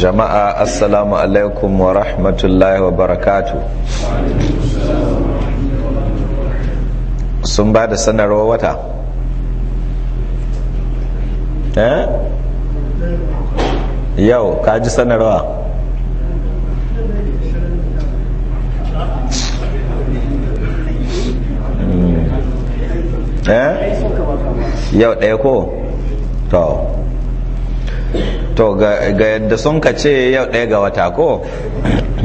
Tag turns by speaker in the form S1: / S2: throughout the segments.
S1: jama'a assalamu alaikum wa rahmatullahi wa barakatu sun ba da sanarwa wata eh yau ka ji sanarwa hmm. eh? yau ɗaya ko to to ga yadda sun ka ce yau ɗaya ga wata ko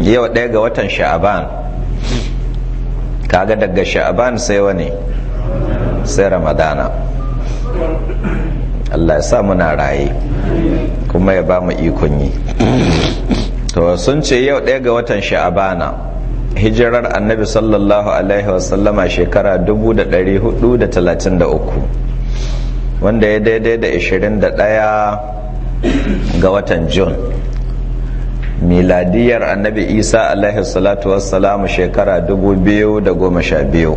S1: yau ɗaya ga watan sha'aban kaga daga sha'aban sai wani sai ramadana Allah ya sa muna raye kuma ya ba mu ikon yi to sun ce yau ɗaya ga watan sha'abana hijirar annabi sallallahu alaihi wasallama shekara 433 wanda ya daidai da 21 ga watan jun miladiyar annabi isa alaihi salatu wassalamu shekara 2012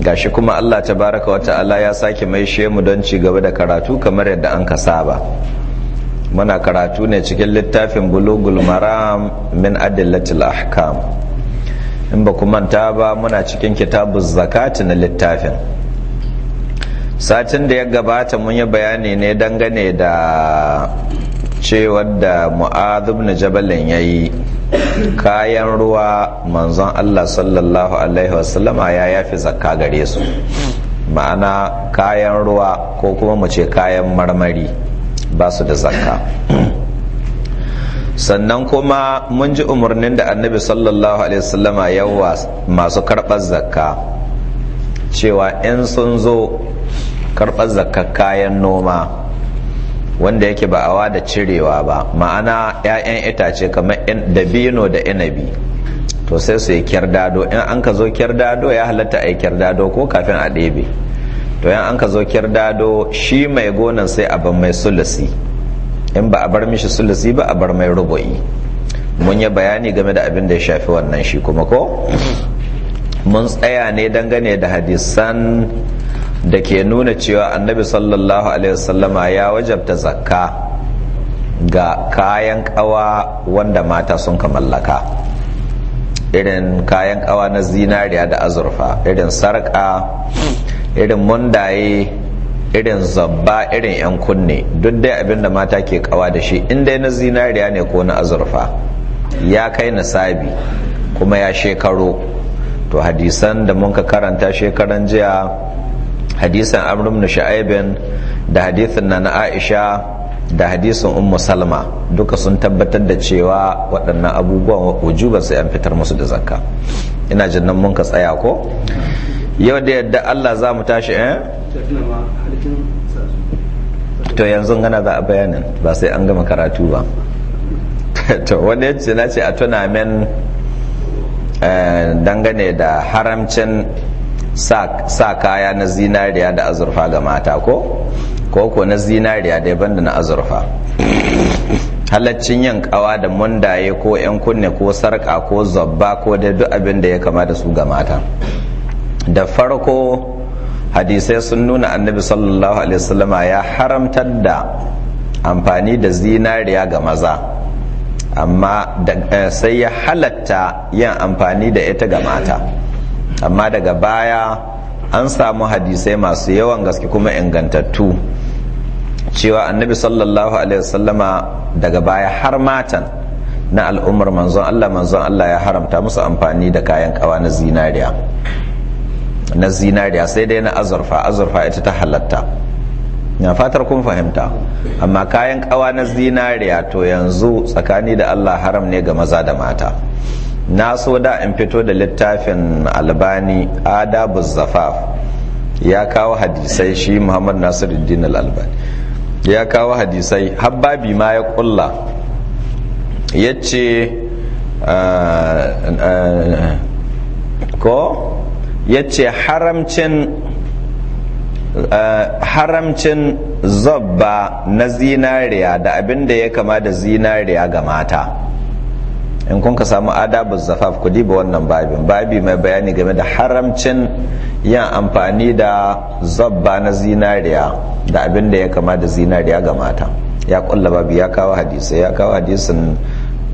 S1: gashi kuma allah Ta baraka wata ala ya sake mai shemu don ci gaba da karatu kamar yadda an ka saba muna karatu ne cikin littafin bulugul maram min adillatil ahkam in ba manta ba muna cikin kitabun zakati na littafin satin da ya gabata mun yi bayani ne dangane da cewar da mu'adhib na jabalin ya yi kayan ruwa manzon allah sallallahu alaihi wasallama ya yafi zakka gare su ma'ana kayan ruwa ko kuma mu ce kayan marmari ba su da zakka sannan kuma mun ji umarnin da annabi sallallahu alaihi wasallama yawa masu karɓar zakka cewa in sun zo karɓar zakar kayan noma wanda yake ba awa da cirewa ba ma'ana 'ya'yan itace kamar dabino da inabi to sai su yi kyardado in an ka zo kyardado ya halatta a yi kyardado ko kafin a ɗebe to yan an ka zo kyardado shi mai gonan sai a ban mai sulusi in ba a bar mishi sulusi ba a bar mai rubu'i mun yi bayani game da abin da ya shafi wannan shi kuma ko mun tsaya ne dangane da hadisan da ke nuna cewa annabi sallallahu alaihi wasallama ya wajabta zakka ga kayan kawa wanda mata sun ka mallaka irin kayan kawa na zinariya da azurfa irin sarka irin mundaye irin zabba irin yan kunne duk dai abinda mata ke kawa da shi in dai na zinariya ne ko na azurfa ya kai nasabi kuma ya shekaro to hadisan da mun ka karanta shekaran jiya hadisan amr na sha'aibin da hadisin na na aisha da hadisin ummu salma duka sun tabbatar da cewa waɗannan abubuwan wujuban sai an fitar musu da zakka ina jin nan mun ka tsaya ko yau da yadda Allah za mu tashi eh to yanzu gana za a bayanin ba sai an gama karatu ba to wani ya na ce a tuna min eh, dangane da haramcin sa kaya na zinariya da azurfa ga mata ko ko na zinariya ban da na azurfa halaccin yin kawa da mundaye ko 'yan kunne ko sarka ko zabba ko da duk abin da ya kama da su ga mata da farko hadisai sun nuna annabi sallallahu alaihi wasallama ya haramtar da amfani da zinariya ga maza amma eh, sai ya halatta yin amfani da ita ga mata amma daga baya an samu hadisai masu yawan gaske kuma ingantattu cewa annabi sallallahu alaihi wasallama daga baya har matan na al'ummar manzon Allah manzon Allah ya haramta musu amfani da kayan kawa na zinariya na zinariya sai dai na azurfa azurfa ita ta halatta na fatar kun fahimta amma kayan kawa na zinariya to yanzu tsakani da Allah haram ne ga maza da mata na so da in fito da littafin albani adabu zafaf ya kawo hadisai shi muhammad nasiruddin albani ya kawo hadisai habbabi ma ya kulla ya ce ah, ah, ko ya ce haramcin ah, haramcin zabba na zinariya da abin da ya kama da zinariya ga mata in kun ka samu adabu zafaf ku diba wannan babin babi mai bayani game da haramcin yin amfani da zabba na zinariya da abin da ya kama da zinariya ga mata ya kulla babi ya kawo hadisai ya kawo hadisin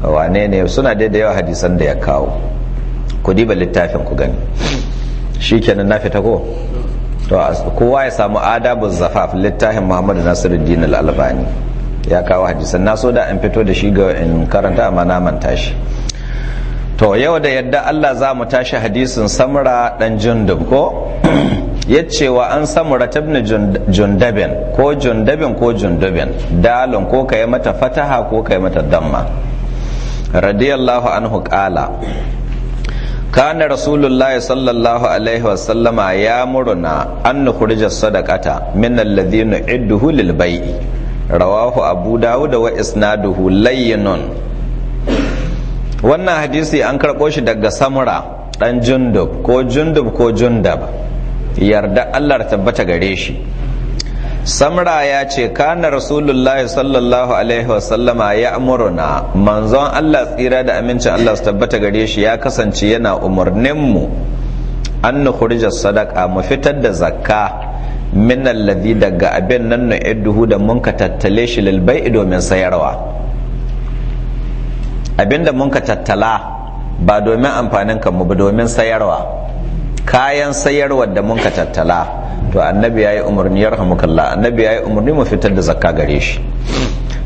S1: wane ne suna dai da yawa hadisan da ya kawo ku diba littafin ku gani shi kenan na fita ko to kowa ya samu adabu zafaf littafin muhammadu nasiru dinar albani ya kawo hadisan na so da an fito da shi ga in karanta amma na manta shi to yau da yadda Allah za mu tashi hadisin samura dan jundub ko ya cewa an samura tabni jundabin ko jundabin ko jundubin dalon ko kai mata fataha ko kai mata damma radiyallahu anhu qala kana rasulullahi sallallahu alaihi wasallama ya muruna an nukhrija sadaqata min alladhina idduhu lil bai'i rawahu abu dawud wa isnaduhu layyinun wannan hadisi an karɓo shi daga samura ɗan jundub ko jundub ko jundab yarda allah tabbata gare shi samra ya ce kana rasulullahi sallallahu alaihi wasallama ya amuruna manzon allah tsira da amincin allah su tabbata gare shi ya kasance yana umarninmu an nukurjar sadaka mu fitar da zakka min alladhi daga abin nan na idduhu da mun ka tattale shi lil domin sayarwa abin da mun ka tattala ba domin amfanin kanmu ba domin sayarwa kayan sayarwa da mun ka tattala to annabi yayi umarni yarhamukallah annabi yayi umarni mu fitar da zakka gare shi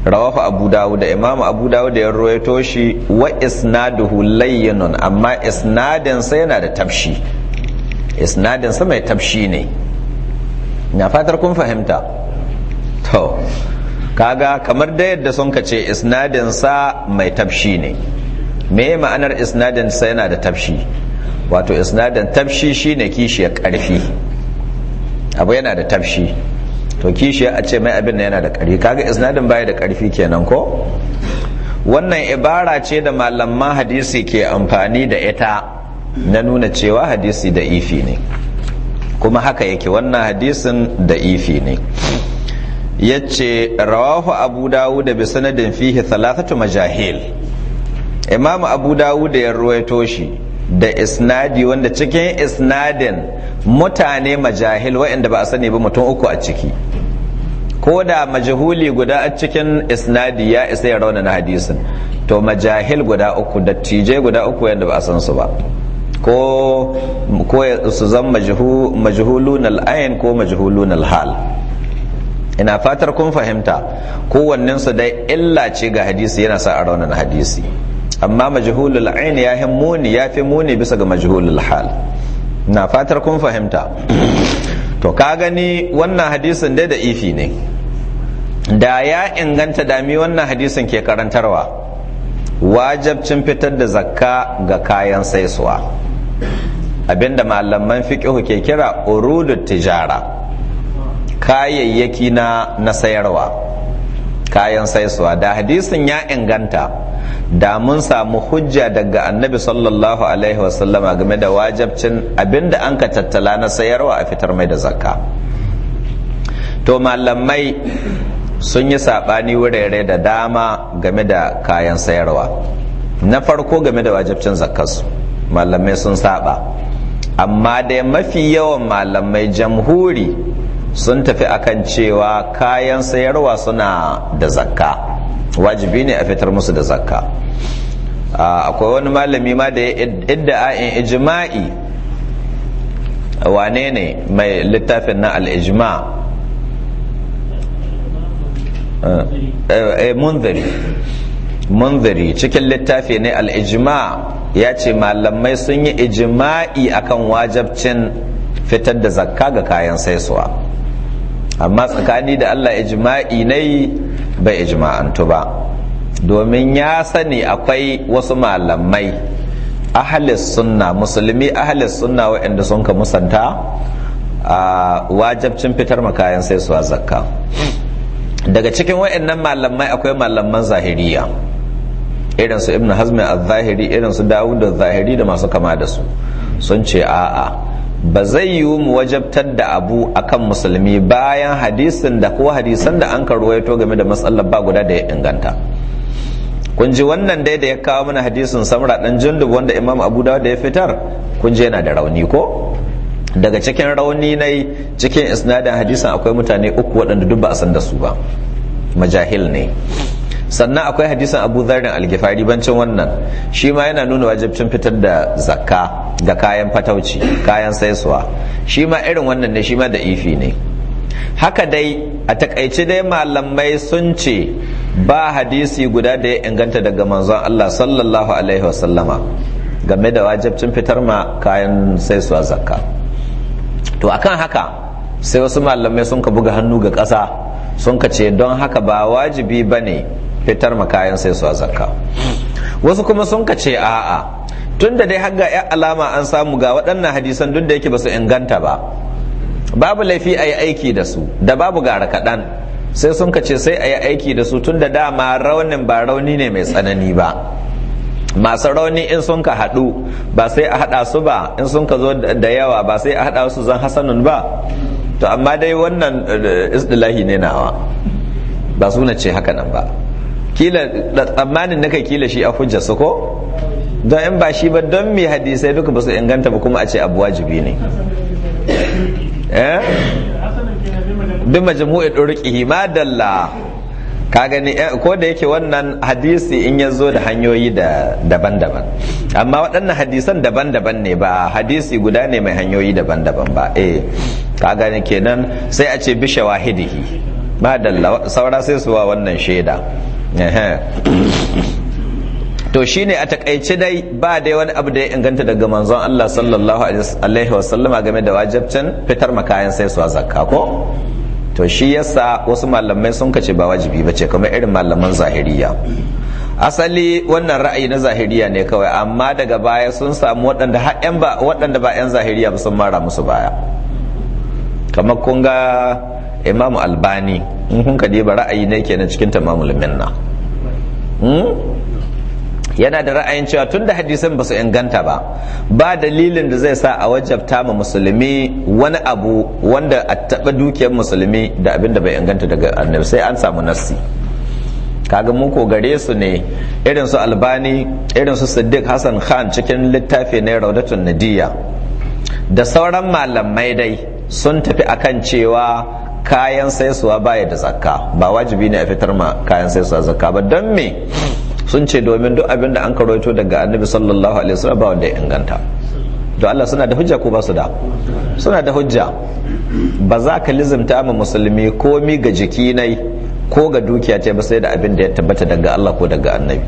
S1: rawahu abu dawud imam abu dawud ya rawaito shi wa isnaduhu layyinun amma isnadin sa yana da tafshi isnadin sa mai tafshi ne na fatar kun fahimta to kaga kamar da yadda sun ka ce isnadinsa mai tafshi ne me ma'anar isnadin sa yana da tafshi wato isnadin tafshi shine kishiyar karfi abu yana da tafshi to kishiya a ce mai abin na yana da karfi kaga isnadin baya da karfi kenan ko wannan ibara ce da malaman hadisi ke amfani da ita na nuna cewa hadisi da ifi ne kuma haka yake wannan hadisin da ifi ne ya ce rawahu abu dawud da sanadin fihi thalathatu majahil imamu abu dawud ya ruwaito shi da isnadi wanda cikin isnadin mutane majahil waɗanda ba a sani ba mutum uku a ciki ko da majahuli guda a cikin isnadi ya isa ya raunana hadisin to majahil guda uku dattijai guda uku yadda ba a san su ba ko ko su zan majhulun al'ayin ko majhulun al-hal ina fatar kun fahimta kowannen su dai illa ce ga hadisi yana sa a raunin hadisi amma majhulul ayn ya fi muni ya fi muni bisa ga majhulul hal na fatar kun fahimta to ka gani wannan hadisin dai da ifi ne da ya inganta dami wannan hadisin ke karantarwa wajabcin fitar da zakka ga kayan saisuwa abinda malaman fiqhu ke kira urudut tijara kayayyaki na na sayarwa kayan saisuwa da hadisin ya inganta da mun samu hujja daga annabi sallallahu alaihi wasallama game da wajabcin abinda an ka tattala na sayarwa a fitar mai da zakka to malamai sun yi saɓani wurare da dama game da kayan sayarwa na farko game da wajabcin zakkarsu malamai sun saba amma dai mafi yawan malamai jamhuri sun tafi akan cewa kayan sayarwa suna da zakka wajibi ne a fitar musu da zakka akwai wani malami ma da ya idda'a'in ijma'i wane ne mai littafin na al'ijima a. Eh, eh, eh, munziri cikin littafi ne al'ijma ya ce malamai sun yi ijima'i akan wajabcin fitar da zakka ga kayan saisuwa amma tsakani da allah ijima'i ne bai ijima'antu ba domin ya sani akwai wasu malamai ahalis sunna musulmi ahalis sunna waɗanda sun ka musanta a wajabcin fitar makayan sai su zakka daga cikin waɗannan malamai akwai malaman zahiriya irin su ibn hazmi a zahiri irin su dawud zahiri da masu kama da su sun ce a'a ba zai yiwu mu wajabtar da abu akan musulmi bayan hadisin da ko hadisan da an ya game da matsalar ba guda da ya inganta kun ji wannan dai da ya kawo mana hadisin samra dan jundub wanda imam abu dawud da ya fitar kun ji yana da rauni ko daga cikin rauni na cikin isnadin hadisin akwai mutane uku waɗanda duk ba a san da su ba majahil ne sannan akwai hadisin abu zarin algifari bancin wannan shi ma yana nuna wajibcin fitar da zakka da kayan fatauci kayan saisuwa shi ma irin wannan ne shi ma da ifi ne haka dai a takaice dai malamai sun ce ba hadisi guda da ya inganta daga manzon Allah sallallahu alaihi wasallama game da wajibcin fitar ma kayan saisuwa zakka to akan haka sai wasu malamai sun ka buga hannu ga ƙasa sun ka ce don haka ba wajibi ba ne fitar ma kayan sai su zakka wasu kuma sun ka ce a'a tunda dai har ga ya alama an samu ga waɗannan hadisan duk da yake ba su inganta ba babu laifi a yi aiki da su da babu gara kaɗan sai sun ka ce sai a yi aiki da su tunda dama raunin ba rauni ne mai tsanani ba masu rauni in sun ka haɗu ba sai a haɗa su ba in sun ka zo da yawa ba sai a haɗa su zan hasanun ba to amma dai wannan eh, Isdilahi ne nawa ba su na ce haka nan ba kila tsammanin naka kila shi a su ko don in ba shi ba don me hadisai duka ba su inganta ba kuma a ce abu wajibi ne eh duk majmu'i durqihi ma dalla ka gani eh, ko da yake wannan hadisi in yazo zo da hanyoyi daban-daban amma waɗannan hadisan daban-daban ne ba hadisi guda ne mai hanyoyi daban-daban ba eh ka gani kenan sai a ce bi shawahidihi madalla saura sai su wa wannan shaida to shi ne a takaice dai ba dai wani abu da ya inganta daga manzon Allah sallallahu alaihi wasallama game da wajabcin fitar makayan sai suwa zakka ko to shi yasa wasu malamai sun kace ba wajibi ba ce kuma irin malaman zahiriya asali wannan ra'ayi na zahiriya ne kawai amma daga baya sun samu waɗanda ba waɗanda ba 'yan zahiriya ba sun mara musu baya kamar kun imamu albani in kun ka ba ra'ayi ne kenan cikin tamamul minna hmm? yana da ra'ayin cewa tun da hadisan ba su inganta ba ba dalilin da zai sa a wajabta ma musulmi wani abu wanda a taɓa dukiyar musulmi da abin da bai inganta daga annabi sai an samu nassi kaga mu ko gare su ne irin su albani irin su siddiq hassan khan cikin littafi ne raudatun nadiya da sauran malamai dai sun tafi akan cewa kayan saisuwa baya da zakka ba wajibi ne a fitar ma kayan saisuwa zakka ba don me sun ce domin duk abin da an karoito daga annabi sallallahu alaihi wasallam ba wanda ya inganta to Allah suna da hujja ko ba su da suna da hujja ba za ka lizimta ma musulmi komi ga jiki nai ko ga dukiya ce ba sai da abin da ya tabbata daga Allah ko daga annabi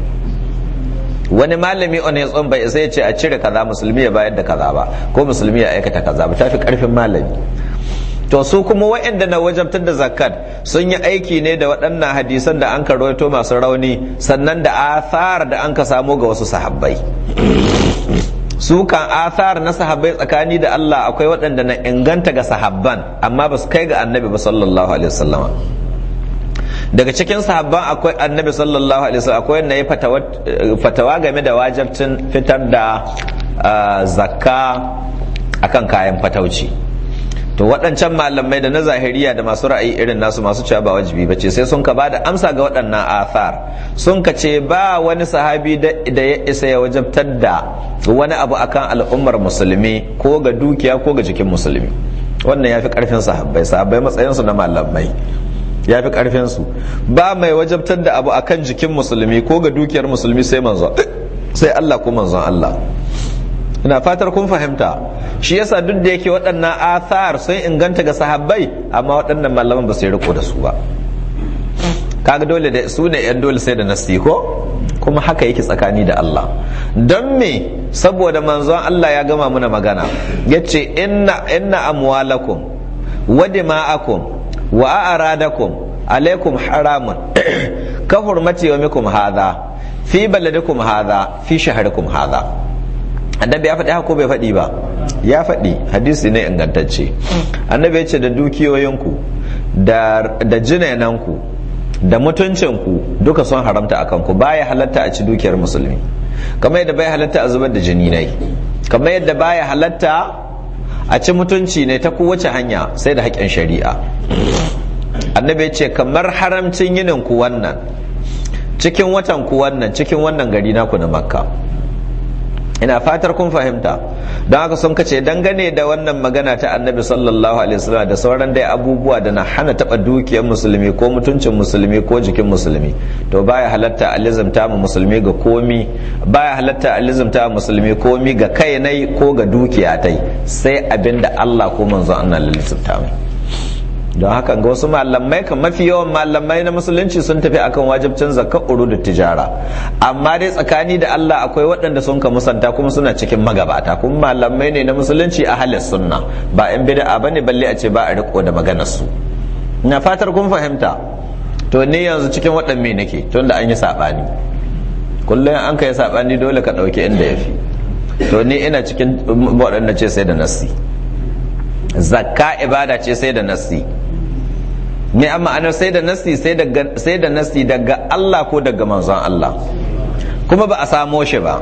S1: wani malami on ya tsomba sai ya ce a cire kaza musulmi ya bayar da kaza ba ko musulmi ya aikata kaza ba tafi karfin malami to su kuma waɗanda na wajabtar da zakat sun yi aiki ne da waɗannan hadisan da an karoto masu rauni sannan da athar da an ka samu ga wasu sahabbai su kan athar na sahabbai tsakani da Allah akwai waɗanda na inganta ga sahabban amma ba su kai ga annabi ba sallallahu alaihi wasallama daga cikin sahabban akwai annabi sallallahu alaihi wasallam akwai wanda ya fatawa game da wajibcin fitar da ah, zakka akan kayan fatauci to waɗancan malamai da na zahiriya da masu ra'ayi irin nasu masu cewa ba wajibi bace sai sun ka bada amsa ga waɗannan athar sun ka ce ba wani sahabi da ya isa ya wajabtar da wani abu akan al'ummar musulmi ko ga dukiya ko ga jikin musulmi wannan ya fi ƙarfin sahabbai sahabbai matsayinsu na malamai ya fi ƙarfin su ba mai wajabtar da abu akan jikin musulmi ko ga dukiyar musulmi sai manzo sai Allah ko manzon Allah ina fatar kun fahimta shi yasa duk da yake waɗannan athar sun inganta ga sahabbai amma waɗannan malaman ba su riko da su ba kaga dole da su ne yan dole sai da nasti ko kuma haka yake tsakani da Allah don me saboda manzon Allah ya gama muna magana yace inna inna amwalakum wa dima'akum wa a'radakum alaikum haramun ka hurmati mikum hadha fi baladikum hadha fi shaharikum hadha annabi ya faɗi hako bai faɗi ba ya faɗi hadisi ne ingantacce annabi ya ce da dukiyoyinku da jinananku da mutuncinku duka sun haramta a kanku baya halatta a ci dukiyar musulmi kamar yadda baya halatta a zubar da jini nai kamar yadda baya halatta a ci mutunci ne ta kowace hanya sai da haƙƙin shari'a annabi ya ce kamar haramcin yininku wannan cikin watan wannan cikin wannan gari naku na makka ina fatar kun fahimta don haka sun kace dangane da wannan magana ta annabi sallallahu alaihi wasallam da sauran dai abubuwa da na hana taba dukiyar musulmi ko mutuncin musulmi ko jikin musulmi to baya halatta alizamta mu musulmi ga komi baya halatta mu musulmi komi ga kai nai ko ga dukiya tai sai abinda Allah ko manzo Allah lissafta mai don haka ga wasu malamai kan mafi yawan malamai na musulunci sun tafi akan wajibcin zakka uru da tijara amma dai tsakani da Allah akwai waɗanda sun ka musanta kuma suna cikin magabata kuma malamai ne na musulunci a halin sunna ba yan bid'a bane balle a ce ba a riko da maganar su na fatar kun fahimta to ni yanzu cikin waɗanne nake tunda an yi sabani kullum an kai sabani dole ka ɗauki inda yafi to ni ina cikin waɗanda ce sai da nasi zakka ibada ce sai da nassi me amma ana sai da nassi sai da nassi daga Allah ko daga manzon Allah kuma ba a samo shi ba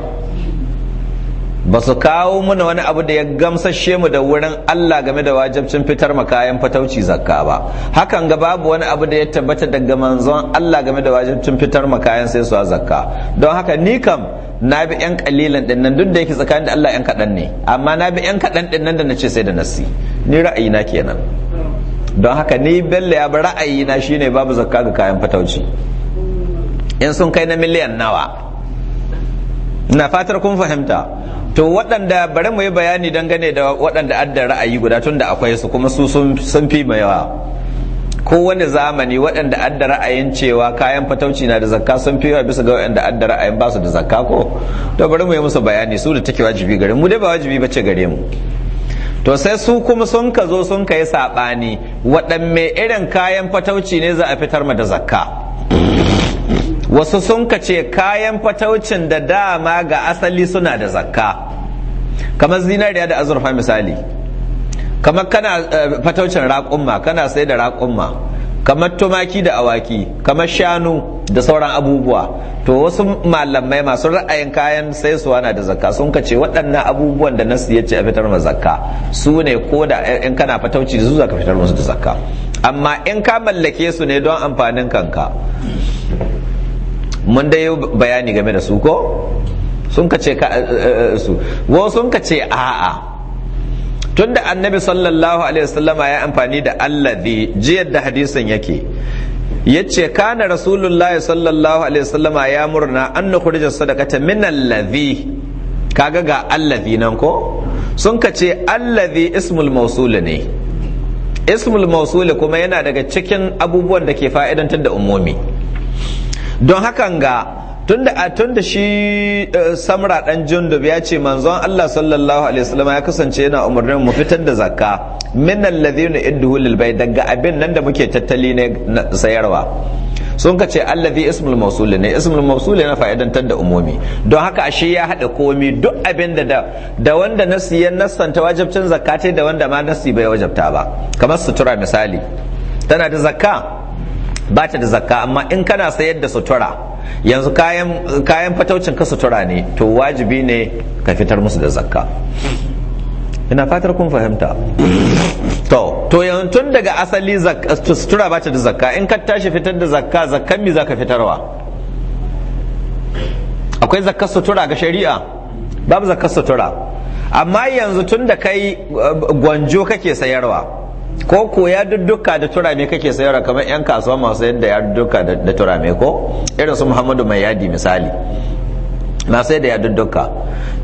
S1: ba su kawo mana wani abu da ya gamsashe mu da wurin Allah game da wajabcin fitar makayan fatauci zakka ba hakan ga babu wani abu da ya tabbata daga manzon Allah game da wajabcin fitar makayan sai su zakka don haka ni kam na bi yan kalilan din nan duk da yake tsakanin da Allah yan kadan ne amma na bi yan kadan din nan da nace sai da nasi ni ra'ayi na kenan don haka ni bello ya bi ra'ayi na shine babu zakka ga kayan fatauci in sun kai na miliyan nawa na fatar kun fahimta to waɗanda bari mu yi bayani dangane da waɗanda adda ra'ayi guda tun da akwai su kuma su sun fi mai yawa Ko wani zamani waɗanda adda ra'ayin cewa kayan fatauci na da zakka sun fi yawa bisa ga waɗanda adda ra'ayin ba su da zakka ko to bari mu yi musu bayani su da take wajibi gare mu dai ba wajibi ba ce gare mu to sai su kuma sun ka zo sun kai saɓani waɗanne irin kayan fatauci ne za a fitar ma da zakka wasu sun kace kayan fataucin da dama ga asali suna da zakka kamar zinariya da azurfa misali kamar kana eh, fataucin raƙumma kana sai da raƙumma kamar tumaki da awaki kamar shanu da sauran abubuwa to wasu malamai masu ra'ayin kayan sai su na da zakka sun ka ce waɗannan abubuwan da nasu ya ce a fitar zakka su ne ko da eh, in kana fatauci da zaka fitar musu da zakka amma in ka mallake su ne don amfanin kanka mun dai bayani game da su ko sun ka ce eh, eh, eh, su wo sun ka ce a'a tunda annabi sallallahu alaihi wasallama ya amfani da allazi jiyar da hadisin yake ya ce kana rasulullahi sallallahu alaihi wasallama ya murna an nukhrija sadaqata min allazi kaga ga allazi nan ko sun ka ce allazi ismul mausul ne ismul mausul kuma yana daga cikin abubuwan da ke fa'idantar da umumi don hakan ga tunda a tunda shi eh, samra dan jundub ya ce manzon Allah sallallahu alaihi wasallam ya kasance yana umarnin mu fitar da zakka min alladhina idduhu lil bay daga abin nan da muke tattali ne sayarwa sun ka ce allazi ismul mawsul ne ismul mausul na fa'idantar da umumi don haka ashe ya hada komi duk abin da da wanda nasi ya nasanta wajibcin zakka da wanda ma nasi bai wajabta ba kamar sutura misali tana da zakka ba ta da zakka amma in kana sayar da sutura yanzu kayan fataucin ka sutura ne to wajibi ne ka fitar musu da zakka ina fatar kun fahimta to to yanzu tun daga asali sutura ba ta da zakka in ka tashi fitar da zakka zakkan mi zaka fitarwa akwai zakka sutura ga shari'a babu zakka sutura amma yanzu tun da kai uh, gwanjo kake sayarwa ko ko ya dudduka da turame kake sayarwa kamar yan kasuwa masu yadda ya dudduka da turame ko irin su muhammadu mai yadi misali na sai da ya dudduka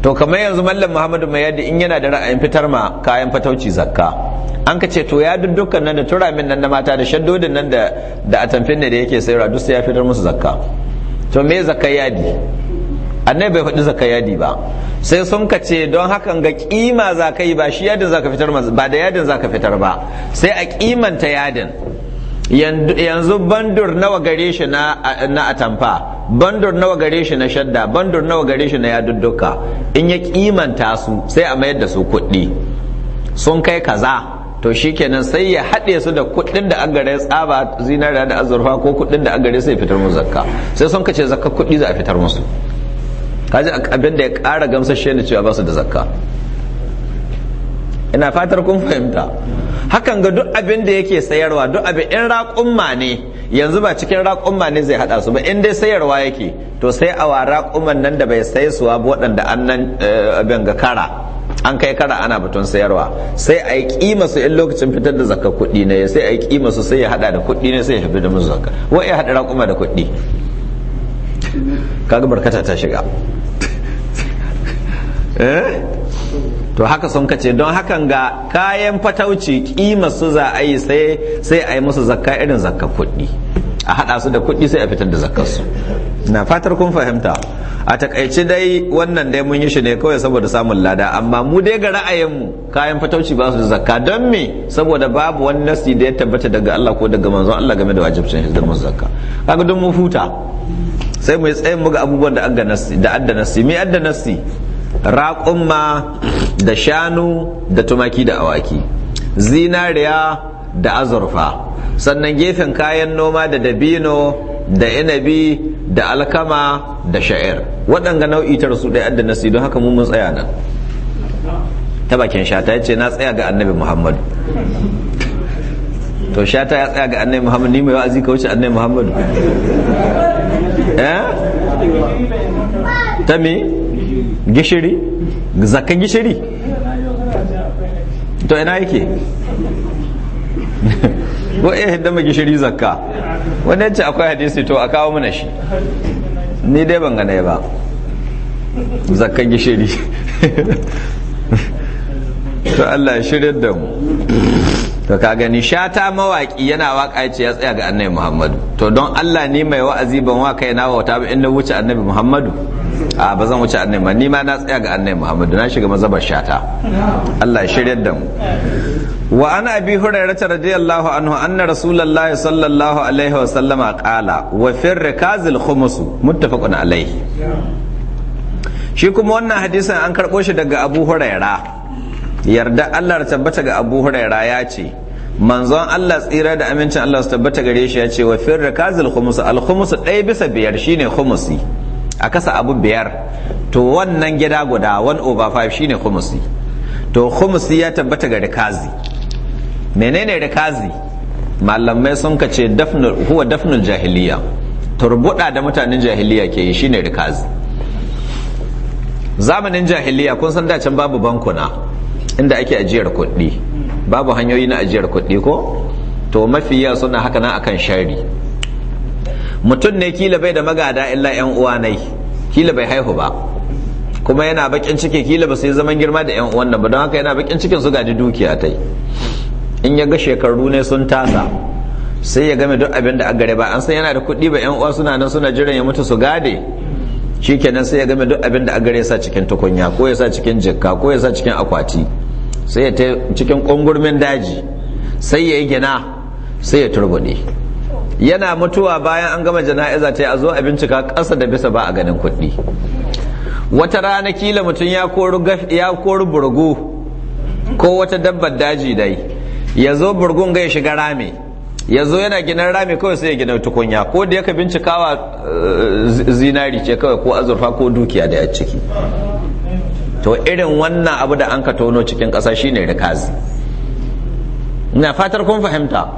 S1: to kamar yanzu mallam muhammadu mai yadi in yana da ra'ayin fitar ma kayan fatauci zakka an ka ce to ya dudduka nan da turamin nan da mata da shaddodin nan da da atamfin da yake sayarwa duk sai ya fitar musu zakka to me zakka yadi annabi bai faɗi zaka yadi ba sai sun kace don hakan ga kima za ba shi yadin za fitar ba da yadin za fitar ba sai a kimanta yadin yanzu bandur nawa gare shi na atamfa bandur nawa gare shi na shadda bandur nawa gare shi na yadudduka in ya kimanta su sai a mayar da su kuɗi sun kai kaza to shikenan sai ya haɗe su da kuɗin da an gare tsaba zinariya da azurfa ko kuɗin da an gare sai fitar musu zakka sai sun kace zakka kuɗi za a fitar musu kaji abin da ya kara gamsashe ne cewa ba su da zakka ina fatar kun fahimta hakan ga duk abin da yake sayarwa duk abin in raƙumma ne yanzu ba cikin raƙumma ne zai haɗa su ba in dai sayarwa yake to sai a wa raƙumman nan da bai sai suwa ba waɗanda annan eh, abin ga kara an kai kara ana batun sayarwa sai a yi kima su in lokacin fitar da zakka kuɗi ne sai a yi kima su sai ya haɗa da kuɗi ne sai ya fi da musu zakka wai ya haɗa raƙuma da kuɗi kaga barkata ta shiga Eh? to haka sun kace don hakan ga kayan fatauci kima su za a yi sai sai a yi musu zakka irin zakka kuɗi a haɗa su da kuɗi sai a fitar da zakkar su na fatar kun fahimta a takaice dai wannan dai mun yi shi ne kawai saboda samun lada amma mu dai ga mu kayan fatauci ba su da zakka don me saboda babu wani nasi da ya tabbata daga Allah ko daga manzon Allah game da wajibcin hizdar musu zakka kaga don mu huta sai mu yi tsayin mu ga abubuwan da adda nasi da adda nasi adda nasi raƙumma da shanu da tumaki da awaki zinariya da azurfa sannan gefen kayan noma da dabino da inabi da alkama da sha'ir waɗanga nau'i ta rasu ɗaya da nasi don haka mun tsaya nan ta bakin shata ya ce na tsaya ga annabi muhammadu to shata ya tsaya ga annabi muhammadu ni mai wa'azi ka wuce annabi muhammadu eh ta me gishiri zaka gishiri to ina yake ko eh da mai gishiri zakka wanda yace akwai hadisi to a kawo mana shi ni dai ban gane ba zakka gishiri to Allah ya shirya da mu to ka gani shata mawaki yana waka ce ya tsaya ga annabi muhammadu to don allah ni mai wa'azi ban waka kaina wauta ba in na wuce annabi muhammadu a ba zan wuce annabi ma ni ma na tsaya ga annabi muhammadu na shiga mazhabar shata allah ya shirya da mu wa ana abi hurairata radiyallahu anhu anna rasulullahi sallallahu alaihi wa sallama qala wa fir rikazil khums muttafaqun alaihi shi kuma wannan hadisin an karbo shi daga abu huraira yarda Allah tabbata ga Abu Huraira ya ce manzon Allah tsira da amincin Allah su tabbata gare shi ya ce wa firra kazil khumus al khumus ɗaya bisa biyar shine khumusi a kasa abu biyar to wannan gida guda wan over five shine khumusi to khumusi ya tabbata ga rikazi menene rikazi malamai sun ka ce huwa dafnul jahiliya turbuda da mutanen jahiliya ke yi shine rikazi zamanin jahiliya kun san da can babu bankuna inda ake ajiyar kuɗi babu hanyoyi na ajiyar kuɗi ko to mafi yawa suna haka nan akan shari mutum ne kila bai da magada illa yan uwa nai kila bai haihu ba kuma yana bakin ciki kila ba sai zaman girma da yan uwan nan ba don haka yana bakin cikin su gaji dukiya tai in ya ga shekaru ne sun tasa sai ya game duk abin da a gare ba an san yana da kuɗi ba yan uwa suna nan suna jiran ya mutu su gade shikenan sai ya game duk abin da a gare sa cikin tukunya ko ya sa cikin jikka ko ya sa cikin akwati sai ya ta cikin ƙungurmin daji sai ya yi gina sai ya turbune yana mutuwa bayan an gama jana'iza ta a zo a bincika ƙasa da bisa ba a ganin kuɗi wata rana kila mutum ya kori burgu ko wata dabbar daji dai ya zo burgun ga ya shiga rami ya zo yana ginar rami kawai sai ya gina tukunya ko da yaka bincikawa eh, zinari ce kawai ko azurfa ko dukiya da ya ciki to irin wannan abu da an ka tono cikin ƙasa shine rikazi ina fatar kun fahimta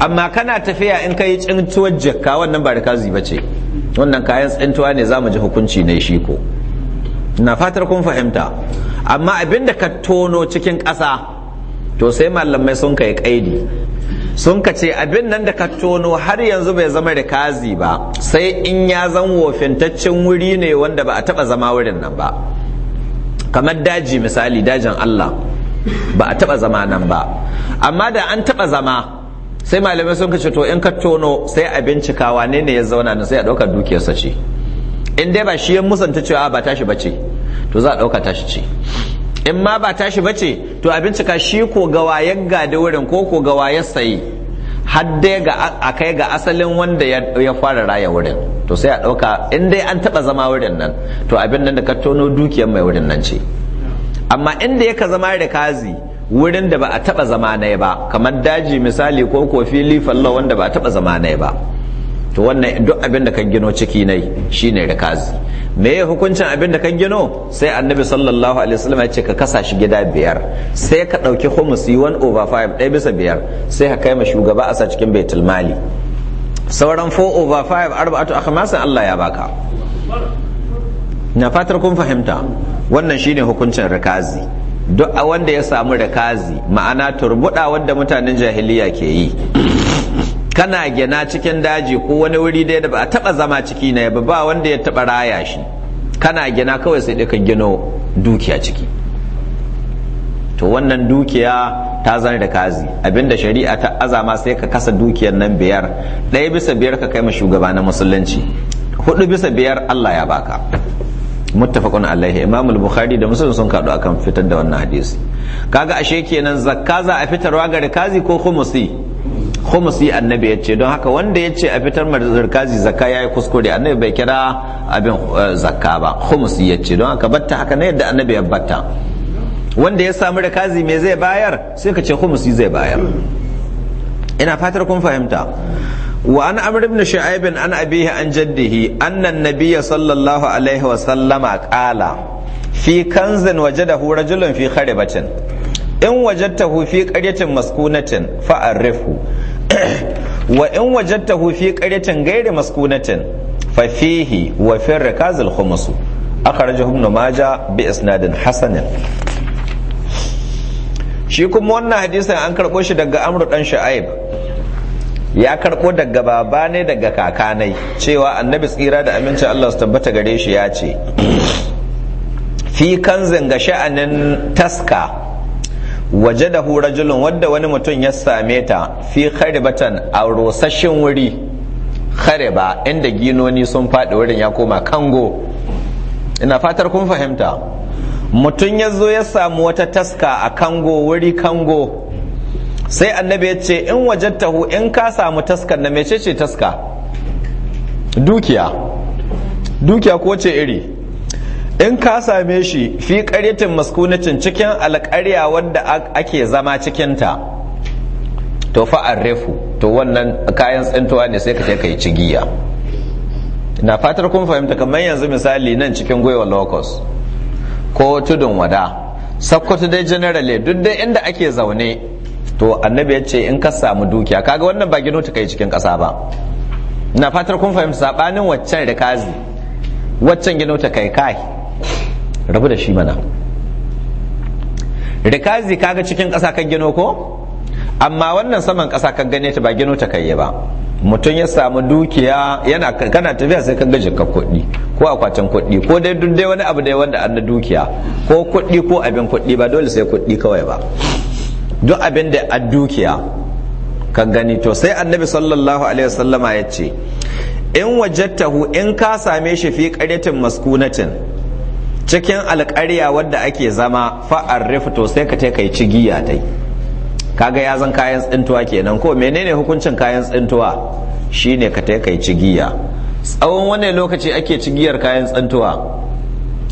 S1: amma kana tafiya in kai tsintuwar jikka wannan ba rikazi ba ce wannan kayan tsintuwa ne za mu ji hukunci ne shi ko ina fatar kun fahimta amma abin da ka tono cikin ƙasa to sai malamai sun kai kaidi sun ka ce abin nan da ka tono har yanzu bai zama rikazi ba sai in ya zan wofintaccen wuri ne wanda ba a taba zama wurin nan ba kamar daji misali dajin Allah ba a taba zama nan ba amma da an taɓa zama sai malamai sun kace to in ka tono sai a bincika wane ne ya zauna nan sai a ɗaukar dukiyarsa ce in dai ba shi ya musanta cewa ba tashi bace to za a ɗauka tashi ce in ma ba tashi bace to a bincika shi ko gawayen gada wurin ko ko ya sayi hadde ga a kai ga asalin wanda ya fara raya wurin to sai a ɗauka in dai an taɓa zama wurin nan to abin nan da ka tono dukiyar mai wurin nan ce amma inda yaka zama da kazi wurin da ba a taɓa zama na ba kamar daji misali ko kofi fili fallo wanda ba a taɓa zama na ba to wannan duk abin da ka gino ciki ne shine da kazi me ya hukuncin abin da ka gino sai annabi sallallahu alaihi wasallam ya ce ka kasa shi gida biyar sai ka ɗauki humusi 1 over 5 ɗaya bisa biyar sai ka kai ma shugaba a sa cikin baitul mali sauran 4 over 5 arba'atu akhmasin Allah ya baka na fatar kun fahimta wannan shine hukuncin rikazi duk wanda ya samu rikazi ma'ana turbuda wanda mutanen jahiliya ke yi kana gina cikin daji ko wani wuri dai da ba a taba zama ciki na ba ba wanda ya taba raya shi kana gina kawai sai dai ka gino dukiya ciki to wannan dukiya ta zana da kazi abinda shari'a ta azama sai ka kasa dukiyar nan biyar ɗaya bisa biyar ka kai shugaba na musulunci hudu bisa biyar Allah ya baka muttafaqun alaihi imam al-bukhari da muslim sun kaɗu akan fitar da wannan hadisi kaga ashe kenan zakka za a fitarwa ga rikazi ko khumusi yi annabi ya ce don haka wanda ya ce a fitar mar zirkazi zakka ya yi kuskure annabi bai kira abin eh, zakka ba yi ya ce don haka batta haka na yadda annabi ya batta wanda ya samu rikazi me zai bayar sai ka ce khumusi zai bayar ina fatar kun fahimta wa an amr ibn shu'aib an abihi an jaddihi anna an-nabiy sallallahu alaihi wa sallama qala fi kanzin wajadahu rajulun fi kharibatin in wajadtahu fi qaryatin maskunatin fa'arifhu wa in wajadtahu fi qaryatin gairi maskunatin fa fihi wa fi rikaz al khumus akhrajahu ibn majah bi isnadin hasan shi kuma wannan hadisin an karbo shi daga amru dan sha'aib ya karbo daga baba ne daga kakanai cewa annabi tsira da amincin Allah su tabbata gare shi ya ce fi kanzin ga sha'anin taska Waje wajadahu rajulun wadda wani mutum ya same ta fi kharibatan a rosashin wuri khariba inda ginoni sun faɗi wurin ya koma kango ina fatar kun fahimta mutum ya zo ya samu wata taska a kango wuri kango sai annabi ya ce in wajattahu in ka samu taskar na mecece taska dukiya dukiya ko ce iri in ka same shi fi karyatin maskunatin cikin alƙarya wadda ake zama cikinta to fa'ar refu to wannan kayan tsintuwa ne sai ka ce ka yi cigiya na fatar kun fahimta kamar yanzu misali nan cikin gwiwa locus ko tudun wada sakkwato dai generally duk dai inda ake zaune to annabi ya ce in ka samu dukiya kaga wannan ba gino ta kai cikin ƙasa ba na fatar kun fahimta sabanin waccan rikazi waccan gino ta kai kai rabu da shi mana rikazi kaga cikin kasa kan gino ko amma wannan saman kasa kan gane ta ba gino ta kai ba mutum ya samu dukiya yana kana tafiya sai kan gajin kuɗi ko akwatin kuɗi ko dai duk wani abu dai wanda an na dukiya ko kuɗi ko abin kuɗi ba dole sai kuɗi kawai ba duk abin da a dukiya kan gani to sai annabi sallallahu alaihi wasallama ya ce in wajattahu in ka same shi fi karetin maskunatin cikin alƙarya wadda ake zama fa'ar to sai ka ta kai cigiya kaga ya zan kayan tsintuwa kenan ko menene hukuncin kayan tsintuwa shine ka ta kai cigiya tsawon wane lokaci ake cigiyar kayan tsintuwa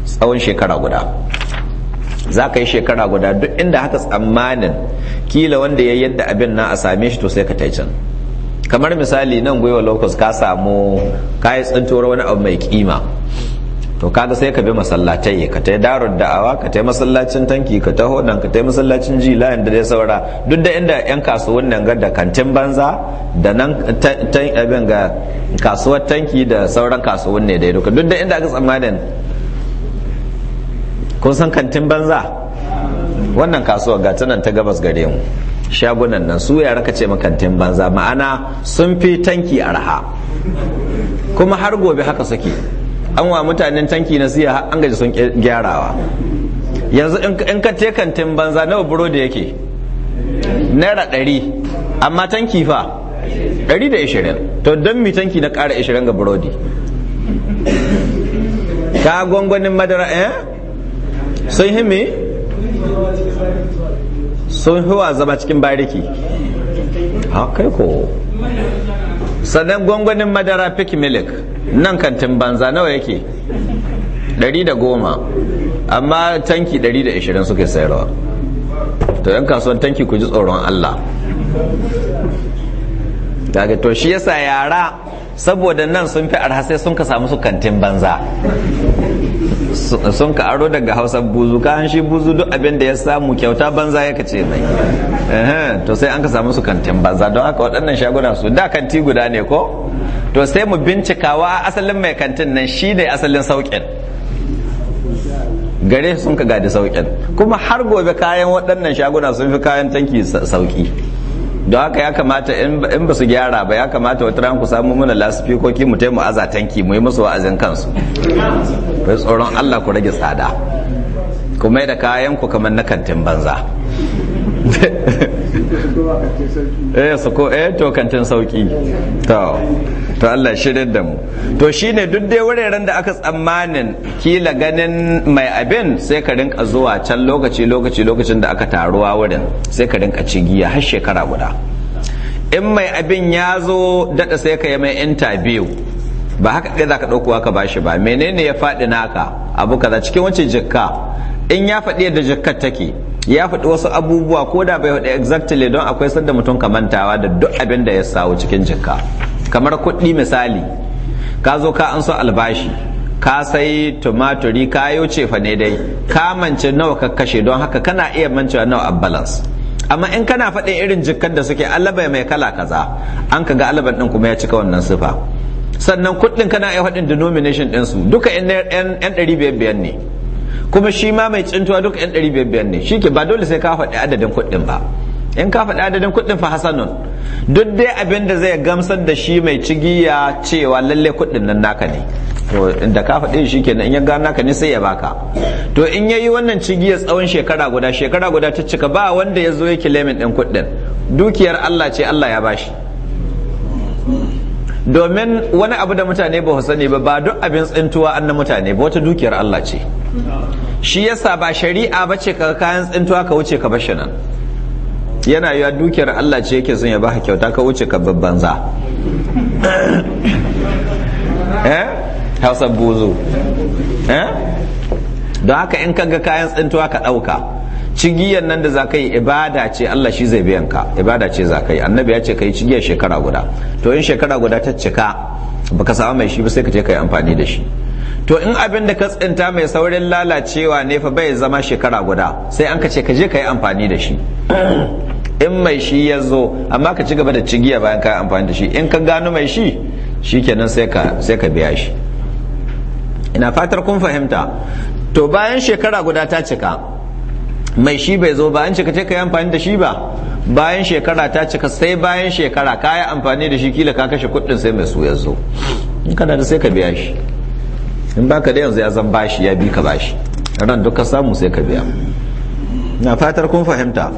S1: tsawon shekara guda za ka yi shekara guda duk inda haka tsammanin kila wanda ya yadda abin na a same shi to sai ka taicin kamar misali nan gwiwa lokacin ka samu kayan tsintuwar wani abu mai kima to kada sai ka bi masallatai ka tai darud da'awa ka tai masallacin tanki ka taho nan ka tai masallacin ji layin da dai saura duk da inda yan kasuwan nan ga da kantin banza da nan tan abin ga kasuwar tanki da sauran kasuwan ne dai duka duk da inda aka tsammanin kun san kantin banza wannan kasuwar ga ta ta gabas gare mu shagunan nan su yara ka ce makantin banza ma'ana sun fi tanki arha kuma har gobe haka suke an wa mutanen tanki na siya an gaji sun gyarawa yanzu in ka te kantin banza nawa burodi yake naira ɗari amma tanki fa ɗari da ishirin to don mi tanki na ƙara ishirin ga burodi ta gwangwanin madara eh sun himi sun huwa zama cikin bariki ha kai ko sannan gwangwanin madara pick milk nan kantin banza nawa yake goma. amma tanki 120 suke sayarwa to yan kasuwan tanki ku ji tsoron Allah daga to shi yasa yara saboda nan sun fi arha sai sun ka samu su kantin banza sun ka aro daga hausa buzu ka shi buzu duk abin da ya samu kyauta banza ya kace mai to sai an ka samu su kantin banza don haka waɗannan shaguna su da kanti guda ne ko to sai mu bincikawa asalin mai kantin nan shi ne asalin sauƙin gare sun ka gadi sauƙin kuma har gobe kayan waɗannan shaguna sun fi kayan tanki sauƙi don haka ya kamata in ba su gyara ba ya kamata wata ranku ku samu muna lasifikoki mu taimu aza tanki mu yi musu wa'azin kansu bai tsoron Allah ku rage tsada kuma da kayan ku kamar na kantin banza eh su ko eh to sauki to to Allah shirin da mu to shine duk dai wuraren da aka tsammanin kila ganin mai abin sai ka rinka zuwa can lokaci lokaci lokacin da aka taruwa wurin sai ka rinka cigiya har shekara guda in mai abin ya zo daɗa sai ka yi mai interview ba haka ɗaya za ka ɗaukowa ka bashi ba menene ya faɗi naka abu kaza cikin wancan jikka in ya faɗi yadda jikkar take ya faɗi wasu abubuwa ko da bai faɗi exactly don akwai sanda mutum ka mantawa da duk abin da ya sawo cikin jikka kamar kuɗi misali ka zo ka an so albashi ka sai tumaturi ka yi fa ne dai ka mance nawa ka kashe don haka kana iya mancewa nawa a balance amma in kana faɗin irin jikkar da suke alabai mai kala kaza an ka ga alaban ɗin kuma ya cika wannan sifa sannan kuɗin kana iya faɗin denomination ɗinsu duka yan ɗari biyar biyar ne kuma shi ma mai cintuwa duka yan ɗari biyar biyar ne shi ke ba dole sai ka faɗi adadin kuɗin ba in ka faɗi adadin kuɗin fa hasanun duk dai abin da zai gamsar da shi mai cigiya cewa lalle kuɗin nan naka ne to da ka faɗi shi kenan in ya ga naka ne sai ya baka to in yayi wannan cigiya tsawon shekara guda shekara guda ta cika ba wanda ya zo yake lemin ɗin kuɗin dukiyar Allah ce Allah ya bashi domin wani abu da mutane ba sani ba ba duk abin tsintuwa an na mutane ba wata dukiyar Allah ce shi yasa ba shari'a ba ce ka kayan tsintuwa ka wuce ka bashi nan yana yiwa dukiyar Allah ce yake son ya baka kyauta ka wuce ka babbanza eh hausa buzu eh don haka in kaga kayan tsintuwa ka ɗauka cigiyar nan da za ka yi ibada ce Allah shi zai biyan ka ibada ce za ka yi annabi ya ce ka yi cigiyar shekara guda to in shekara guda ta cika ba ka samu mai shi ba sai ka je ka yi amfani da shi to in abin da ka tsinta mai saurin lalacewa ne fa bai zama shekara guda sai an ka ce ka je ka yi amfani da shi in mai shi ya zo amma ka ci gaba da cigiya bayan ka yi amfani da shi in ka gano mai shi shi kenan sai ka biya shi ina fatar kun fahimta to bayan shekara guda ta cika mai shi bai zo bayan cika ce ka yi amfani da shi ba bayan shekara ta cika sai bayan shekara ka yi amfani da shi kila ka kashe kuɗin sai mai su ya zo in kana da sai ka biya shi in baka da yanzu ya zan bashi ya bi ka bashi ran duka samu sai ka biya na fatar kun fahimta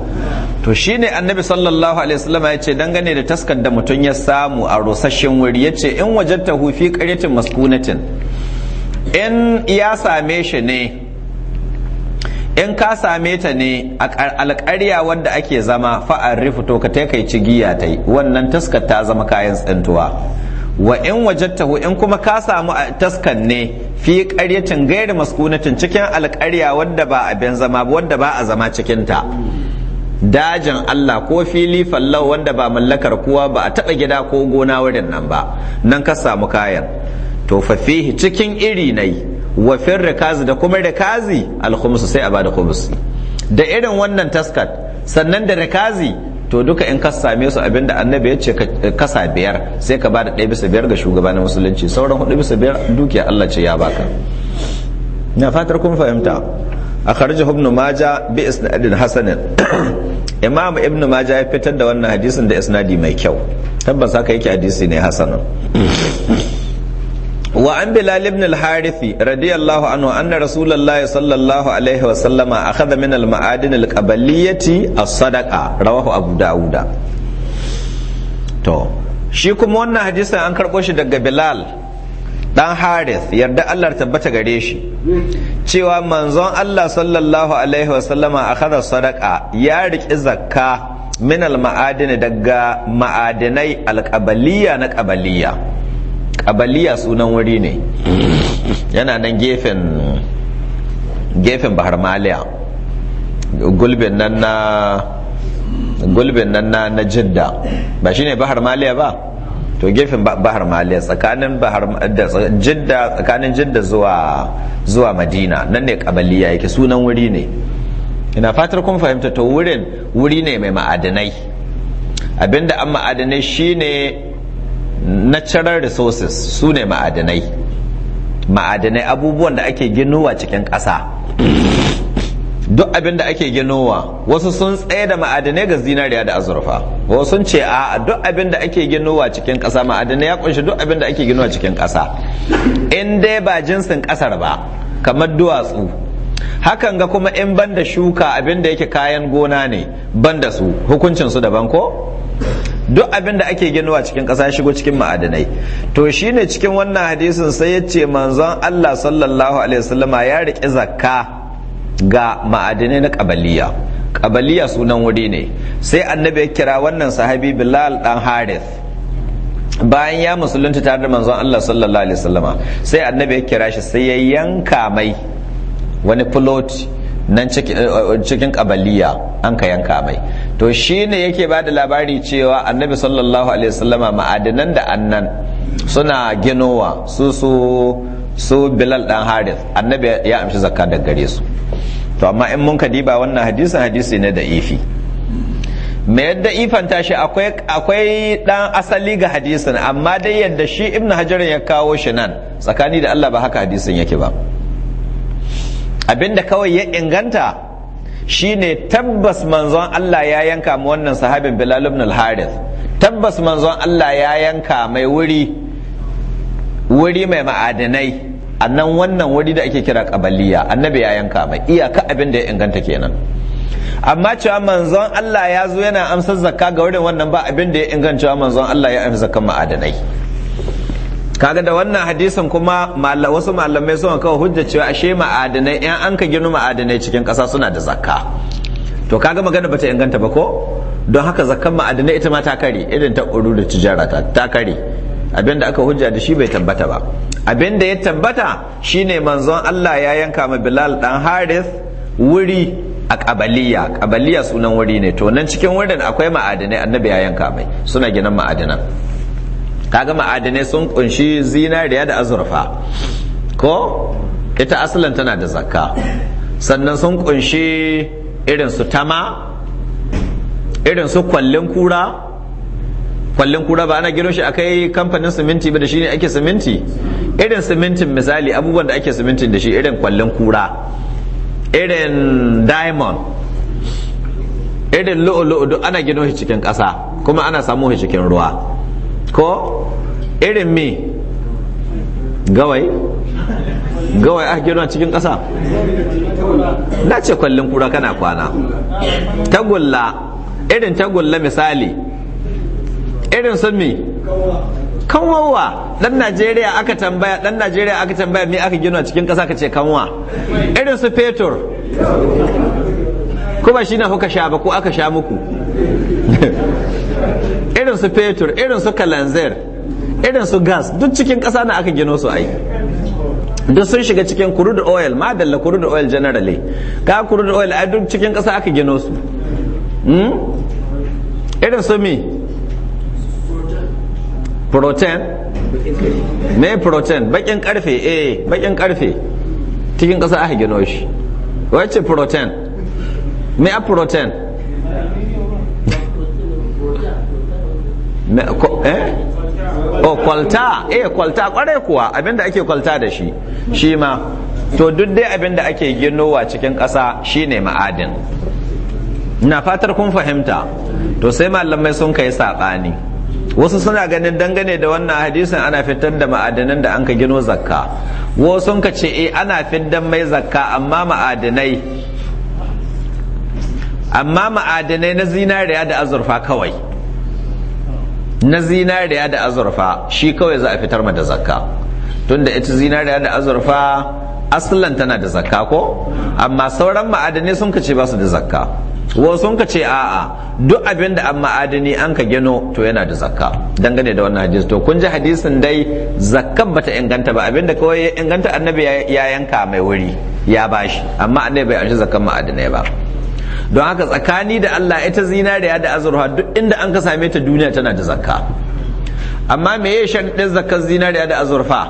S1: to shine annabi sallallahu alaihi wasallam ya ce dangane da taskar da mutum ya samu a rosashin wuri ya ce in wajatta hufi qaryatin maskunatin in ya same shi ne in ka same ta ne a alƙarya wanda ake zama fa'arrifu to ka kai ci giya ta yi wannan taskar ta zama kayan tsintuwa wa in wajattahu in kuma ka samu taskan ne fi ƙaryatin gairi maskunatin cikin alƙarya wadda ba abin zama ba wadda ba a zama cikinta dajin Allah ko fili fallau wanda ba mallakar kuwa ba a taɓa gida ko gona wurin nan ba nan ka samu kayan to fa fihi cikin iri nai wa fir rikazi da kuma rikazi alkhumsu sai a bada khumsi da irin wannan taskat sannan da rikazi to duka in ka same su abinda annabi ya ce kasa biyar sai ka bada ɗaya bisa biyar ga shugabanin musulunci sauran hudu bisa biyar dukiya Allah ce ya baka na fatar kun fahimta a kharja ibn maja bi isnadin hasanin imam ibn maja ya fitar da wannan hadisin da isnadi mai kyau tabbas haka yake hadisi ne hasanin wa an bilal ibn al-harithi radiyallahu anhu anna rasulullahi sallallahu alaihi wa sallama akhadha min al-ma'adin al-qabaliyyati as-sadaqa rawahu abu daud to shi kuma wannan hadisin an karbo shi daga bilal dan harith yarda Allah tabbata gare shi cewa manzon Allah sallallahu alaihi wa sallama akhadha sadaqa ya riki zakka min al-ma'adin daga ma'adinai al-qabaliyya na qabaliyya Abaliya sunan wuri ne yana nan gefen gefen bahar maliya gulbin nan na gulbin nan na na jidda ba shine bahar maliya ba to gefen bahar maliya tsakanin bahar jidda tsakanin jidda zuwa zuwa madina nan ne kabaliya yake sunan wuri ne ina fatar kun fahimta to wurin wuri ne mai ma'adanai abinda an ma'adanai shine natural resources su ne ma'adanai ma'adanai abubuwan da ake ginowa cikin ƙasa duk abin da ake ginowa wasu sun tsaye da ma'adanai ga zinariya da azurfa wasu sun ce a duk abin da ake ginowa cikin ƙasa ma'adanai ya kunshi duk abin da ake ginowa cikin ƙasa in dai ba jinsin ƙasar ba kamar duwatsu hakan ga kuma in banda shuka abinda yake kayan gona ne banda su hukuncin su daban ko duk abinda da ake ginowa cikin ƙasa shigo cikin ma'adanai to shine cikin wannan hadisin sai ya ce manzon Allah sallallahu alaihi wasallama ya rike zakka ga ma'adanai na kabaliya kabaliya sunan wuri ne sai annabi ya kira wannan sahabi Bilal dan Harith bayan ya musulunta tare da manzon Allah sallallahu alaihi wasallama sai annabi ya kira shi sai ya yanka mai wani plot nan eh, eh, cikin kabaliya an ka yanka mai to shine yake ba da labari cewa annabi sallallahu alaihi wasallama ma'adinan da annan suna ginowa su su su bilal dan harith annabi ya amshi zakka da gare su to amma in mun ka diba wannan hadisin hadisi ne da ifi me yadda ifan tashi akwai akwai dan asali ga hadisin amma dai yadda shi ibnu hajar ya kawo shi nan tsakani da Allah ba haka hadisin yake ba abinda kawai ya inganta shine tabbas manzon Allah ya yanka mu wannan sahabin Bilal ibn al-Harith tabbas manzon Allah ya yanka mai wuri wuri mai ma'adanai a nan wannan wuri da ake kira kabaliya annabi ya yanka mai iyaka abin da ya inganta kenan amma cewa manzon Allah ya zo yana amsar zakka ga wurin wannan ba abin da ya inganta cewa manzon Allah ya amsa zakkan ma'adanai kaga da wannan hadisin kuma wasu malamai suna kawo hujja cewa ashe ma'adanai yan an ka ma'adinai ma'adanai cikin ƙasa suna da zakka to kaga magana bata inganta ba ko don haka zakkan ma'adanai ita ma ta kare irin ta ƙuru da tijara ta kare abinda aka hujja da shi bai tabbata ba abinda ya tabbata shine manzon Allah ya yanka ma Bilal dan Harith wuri a kabaliya kabaliya sunan wuri ne to nan cikin wurin akwai ma'adanai annabi ya yanka mai suna ginin ma'adanan kaga ma'adanai sun kunshi zinariya da azurfa ko ita asalin tana da zakka sannan sun kunshi irin su tama irin su kwallin kura kwallin kura ba ana gino shi akai kamfanin siminti ba da shi ne ake siminti irin simintin misali abubuwan da ake simintin da shi irin kwallin kura irin diamond irin lu'ulu'u duk ana gino shi cikin ƙasa kuma ana samu shi cikin ruwa ko irin me gawai gawai ake gina cikin ƙasa na ce kwallon kura kana kwana tagulla irin tagulla misali irin sun mi. kanwawa dan najeriya aka tambaya dan najeriya aka tambaya me aka gina cikin ƙasa ka ce kanwa irin su fetur ko ba shi na kuka sha ba ko aka sha muku irin su fetur irin su kalanzir irin su gas duk cikin ƙasa na aka gino su ai duk sun shiga cikin crude oil madalla crude oil generally ka crude oil a duk cikin ƙasa aka gino su hmm? irin su me protein me protein bakin karfe eh bakin karfe cikin ƙasa aka gino shi wacce protein me a protein eh oh, kwalta eh kwalta kwarai kuwa abinda ake kwalta da shi shi ma to duk dai abinda ake ginowa cikin ƙasa shine ma'adin na fatar kun fahimta to sai malamai sun kai saɓani wasu suna ganin dangane da wannan hadisin ana fitar da ma'adanan da an ka gino zakka wasu sun ka ce eh ana fitar mai zakka amma ma'adinai. amma ma'adanai na zinariya da azurfa kawai na zinariya da azurfa shi kawai za a fitar ma da zakka tunda ita zinariya da azurfa asalin tana da zakka ko amma sauran ma'adanai sun kace ba su da zakka wa sun kace a'a duk abin da an ma'adani an ka gano to yana da zakka dangane da wannan hadisi to kun ji hadisin dai zakkan bata inganta ba abinda kawai ya inganta annabi ya yanka mai wuri ya bashi amma annabi bai an zakkan ma'adanai ba don haka tsakani da Allah ita zinariya da azurfa duk inda an ka same ta duniya tana da zakka amma me ya shaɗin zakkar zinariya da azurfa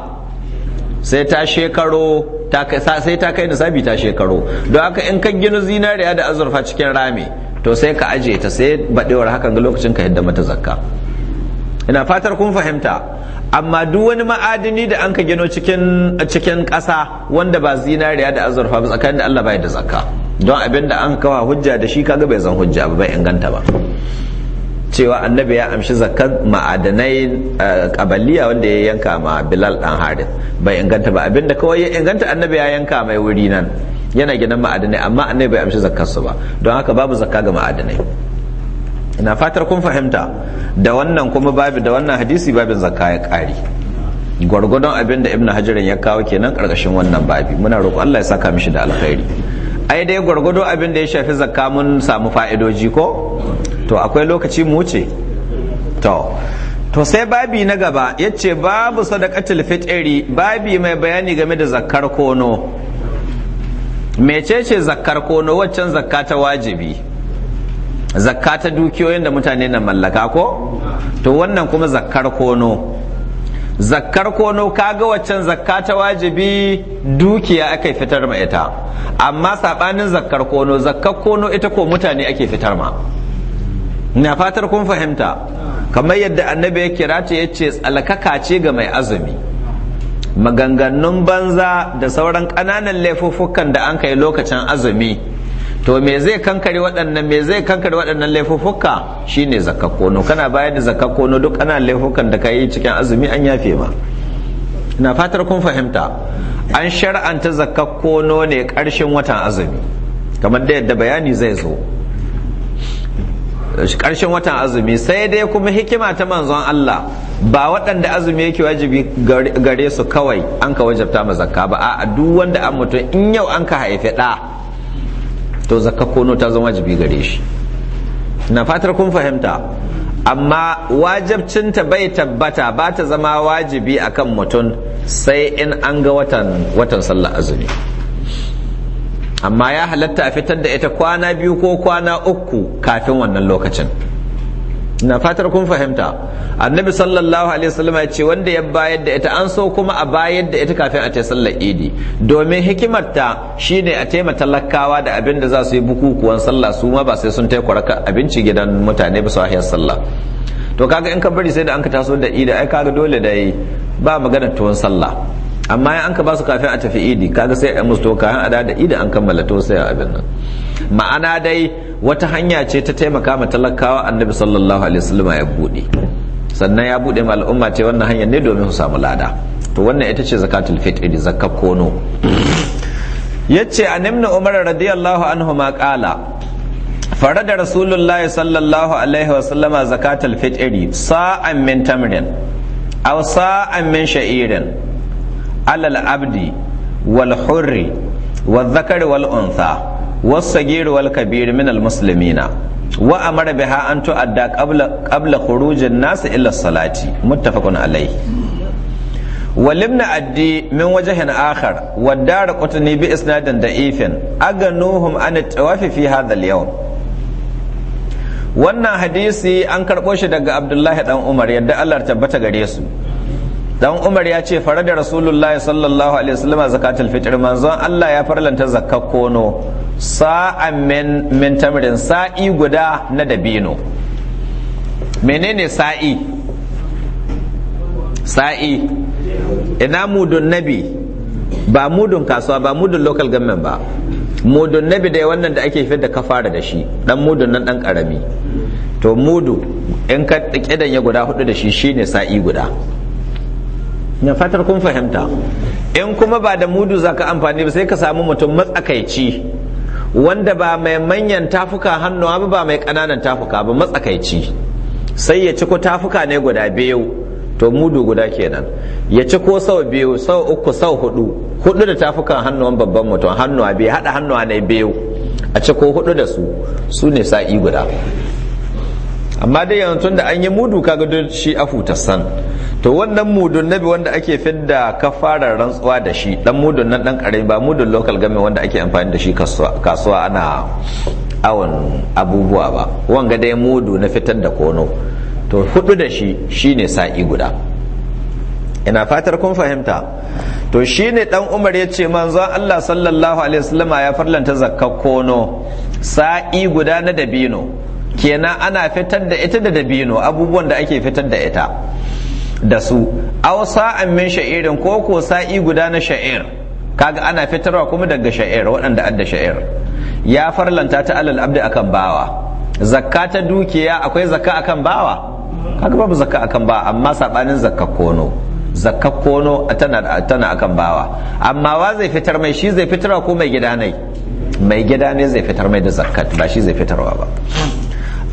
S1: sai ta shekaro sai ta kai nisabi ta shekaro don haka in ka gina zinariya da azurfa cikin rami to sai ka aje ta sai baɗewar hakan ga lokacin ka yadda mata zakka ina fatar kun fahimta amma duk wani ma'adini da an ka gino cikin cikin ƙasa wanda ba zinariya da azurfa ba tsakanin da Allah bai da zakka don abin da an kawa hujja da shi kaga bai zan hujja ba bai inganta ba cewa annabi ya amshi zakkan ma'adanai kabaliya eh, wanda ya yanka ma Bilal dan Harith bai inganta ba abinda kawai ya inganta annabi ya yanka mai wuri nan yana gidan ma'adanai amma annabi bai amshi su ba don haka babu zakka ga ma'adanai ina fatar kun fahimta da wannan kuma babu da wannan hadisi babin zakka ya kare gwargwadon abin da ibnu hajarin ya kawo kenan karkashin wannan babi muna roƙo Allah ya saka mishi da alkhairi ai dai gwargwado abin da ya shafi zakka mun samu fa'idoji ko to akwai lokaci mu wuce. to to sai babi na gaba yace babu sadaqatul fitri babi mai bayani game da zakkar kono mecece zakkar kono waccan zakka ta wajibi zakka ta dukiyoyin da mutane na mallaka ko to wannan kuma zakkar kono zakkar kono kaga waccan zakka ta wajibi dukiya aka fitar ma ita amma sabanin zakkar kono zakkar kono ita ko mutane ake fitar ma na fatar kun fahimta kamar yadda annabi ya kira ta yace tsalkaka ce ga mai azumi maganganun banza da sauran ƙananan laifuffukan da an kai lokacin azumi to me zai kankare waɗannan me zai kankare waɗannan laifuffuka shine kana bayar da zakakkono duk ana laifukan da ka cikin azumi an yafe ma ina fatar kun fahimta an shar'anta zakakkono ne ƙarshen watan azumi kamar da yadda bayani zai zo ƙarshen watan azumi sai dai kuma hikima ta manzon Allah ba waɗanda azumi yake wajibi gare su kawai an ka wajabta ma zakka ba a duk wanda an mutum in yau an ka haife ɗa to zaka kono ta zama wajibi gare shi na fatar kun fahimta amma wajabcinta bai tabbata ba ta zama wajibi akan mutum sai in an ga watan watan sallah azumi amma ya halatta a fitar da ita kwana biyu ko kwana uku kafin wannan lokacin na fatar kun fahimta annabi sallallahu alaihi wasallam ya ce wanda ya bayar da ita an so kuma a bayar da ita kafin a ta sallar idi domin hikimar ta shine a taima talakawa da abin da za su yi bukukuwan sallah su ma ba sai sun tai abinci gidan mutane ba su sallah to kaga in ka bari sai da an ka taso da idi ai kaga dole da yi ba magana tuwon sallah amma ya an ka ba su kafin a tafi idi kaga sai yan musu kayan ada da idi an kammala to sai abin nan ma'ana dai wata hanya ce ta taimaka ma talakawa annabi sallallahu alaihi wasallam ya bude sannan ya bude ma al'umma ce wannan hanyar ne domin su samu lada to wannan ita ce zakatul fitr da zakat kono yace an ibn umar radiyallahu anhu ma qala farada rasulullahi sallallahu alaihi wasallam zakatul fitr sa'an min tamrin aw sa'an min sha'irin alal abdi wal hurri wal zakar wal unsa was sagir wal kabir min al na. wa amara biha an tu'adda qabla qabla khurujin nas ila salati muttafaqun alayhi ولمن أدي من وجه آخر والدار قطني بإسناد ضعيف أغنوهم عن التواف في هذا اليوم wannan hadisi an karɓo shi daga abdullahi dan umar yadda allah tabbata gare su dan umar ya ce fara da rasulullahi sallallahu alaihi wasallam zakatul fitr manzon Allah ya farlanta zakka kono sa'an min min tamrin sa'i guda na dabino menene sa'i sa'i ina mudun nabi ba mudun kasuwa ba mudun local government ba mudun nabi da wannan da ake fitar da kafara da shi dan mudun nan dan karami to mudu in ka kidan ya guda hudu da shi shine sa'i guda na fatar kun fahimta in kuma ba da mudu zaka ka amfani ba sai ka samu mutum matsakaici wanda ba mai manyan tafuka hannuwa ba ba mai ƙananan tafuka ba matsakaici sai ya ciko tafuka ne guda biyu to mudu guda kenan ya ciko sau biyu sau uku sau hudu hudu da tafukan hannuwan babban mutum hannuwa biyu hada hannuwa ne biyu a ciko hudu da su su ne sa'i guda amma dai yanzu da an yi mudu kaga shi afu tassan san to wannan mudun nabi wanda ake fidda kafarar rantsuwa da shi dan mudun nan dan karami ba mudun local game wanda ake amfani da shi kasuwa ana awon abubuwa ba wanga dai mudu na fitar da kono to hudu da shi shine sa'i guda ina fatar kun fahimta to shine dan umar ya ce manzon Allah sallallahu alaihi wasallam ya farlanta zakkar kono sa'i guda na dabino kenan ana fitar da ita da dabino abubuwan da ake fitar da ita da su aw sa'an min sha'irin ko ko sa'i guda na sha'ir kaga ana fitarwa kuma daga sha'ir waɗanda adda sha'ir ya farlanta ta alal abdi akan bawa zakka ta dukiya akwai zakka akan bawa kaga babu zakka akan bawa amma sabanin zakka kono zakka kono tana tana akan bawa amma wa zai fitar mai shi zai fitarwa ko mai gida ne mai gida ne zai fitar mai da zakkat ba shi zai fitarwa ba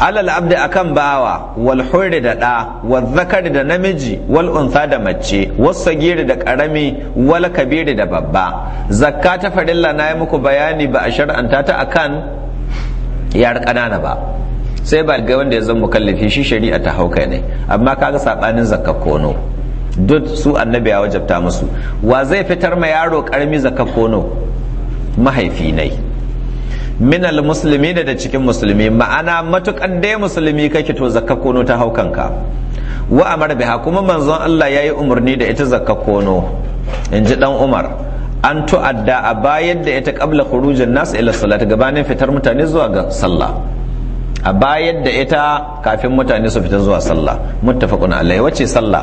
S1: alal abdi akan bawa wal hurri da da wal zakari da namiji wal unsa da mace wasu sagiri da karami wal kabiri da babba zakka ta farilla na yi muku bayani ba a shar'anta ta akan yar kanana ba sai ba ga wanda ya zama mukallafi shi shari'a ta hauka ne amma kaga sabanin zakka kono duk su annabi ya wajabta musu wa zai fitar ma yaro karami zakka kono mahaifi ne minal musulmi da da cikin musulmi ma'ana matukan dai musulmi kake to zakka kono ta haukanka wa amar biha kuma manzon Allah yayi umarni da ita zakka kono Inji dan Umar an tu'adda a bayan da ita qabla khurujin nas ila salat gabanin fitar mutane zuwa ga sallah a bayan da ita kafin mutane su fita zuwa sallah muttafaqun alai wace sallah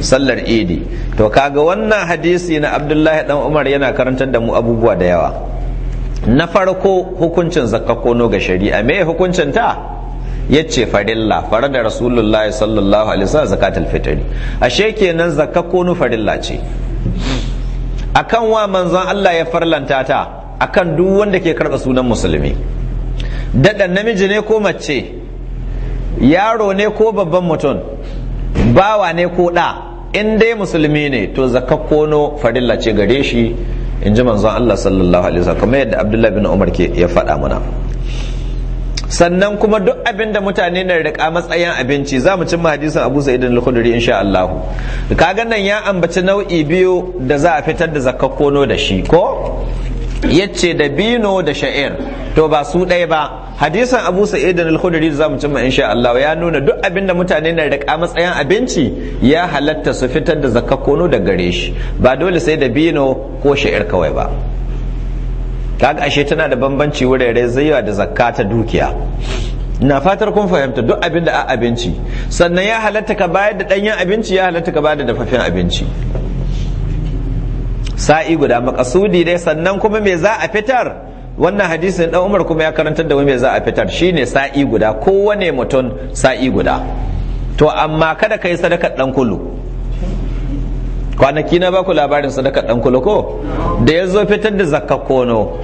S1: sallar idi to kaga wannan hadisi na abdullahi dan umar yana karantar da mu abubuwa da yawa na farko hukuncin zakkakono ga shari'a me hukuncin ta yace farilla fara da rasulullah sallallahu alaihi wasallam zakatul fitri ashe kenan zakakono farilla ce akan wa manzon Allah ya farlanta ta akan duk wanda ke karɓa sunan musulmi daɗa namiji ne ko mace yaro ne ko babban mutum bawa ne ko ɗa in dai musulmi ne to zakakono farilla ce gare shi in ji manzon Allah sallallahu alaihi wasallam kamar yadda Abdullahi bin Umar ke ya faɗa mana sannan kuma duk abin da mutane na riƙa matsayin abinci za mu cimma hadisin abu sa'id al-khudri insha Allah kaga nan ya ambaci nau'i biyu da za a fitar da zakakkono da shi ko yace da bino da sha'ir to ba su ɗaya ba hadisan abu sa'id da al-khudri da zamu cimma insha Allah ya nuna duk abin da mutane na rika matsayin abinci ya halatta su fitar da zakakkono da gare shi ba dole sai da bino ko sha'ir kawai ba kaga ashe tana da bambanci wurare zaiwa da zakka ta dukiya na fatar kun fahimta duk abin da a abinci sannan ya halatta ka bayar da ɗanyen abinci ya halatta ka bayar da dafaffen abinci sa'i guda makasudi dai sannan kuma me za a fitar wannan hadisin dan umar kuma ya karantar da me za a fitar shine sa'i guda kowane mutum sa'i guda to amma kada ka yi sadakar dan kulu kwanaki na baku labarin sadakar dan kulu ko da ya zo fitar da zakakono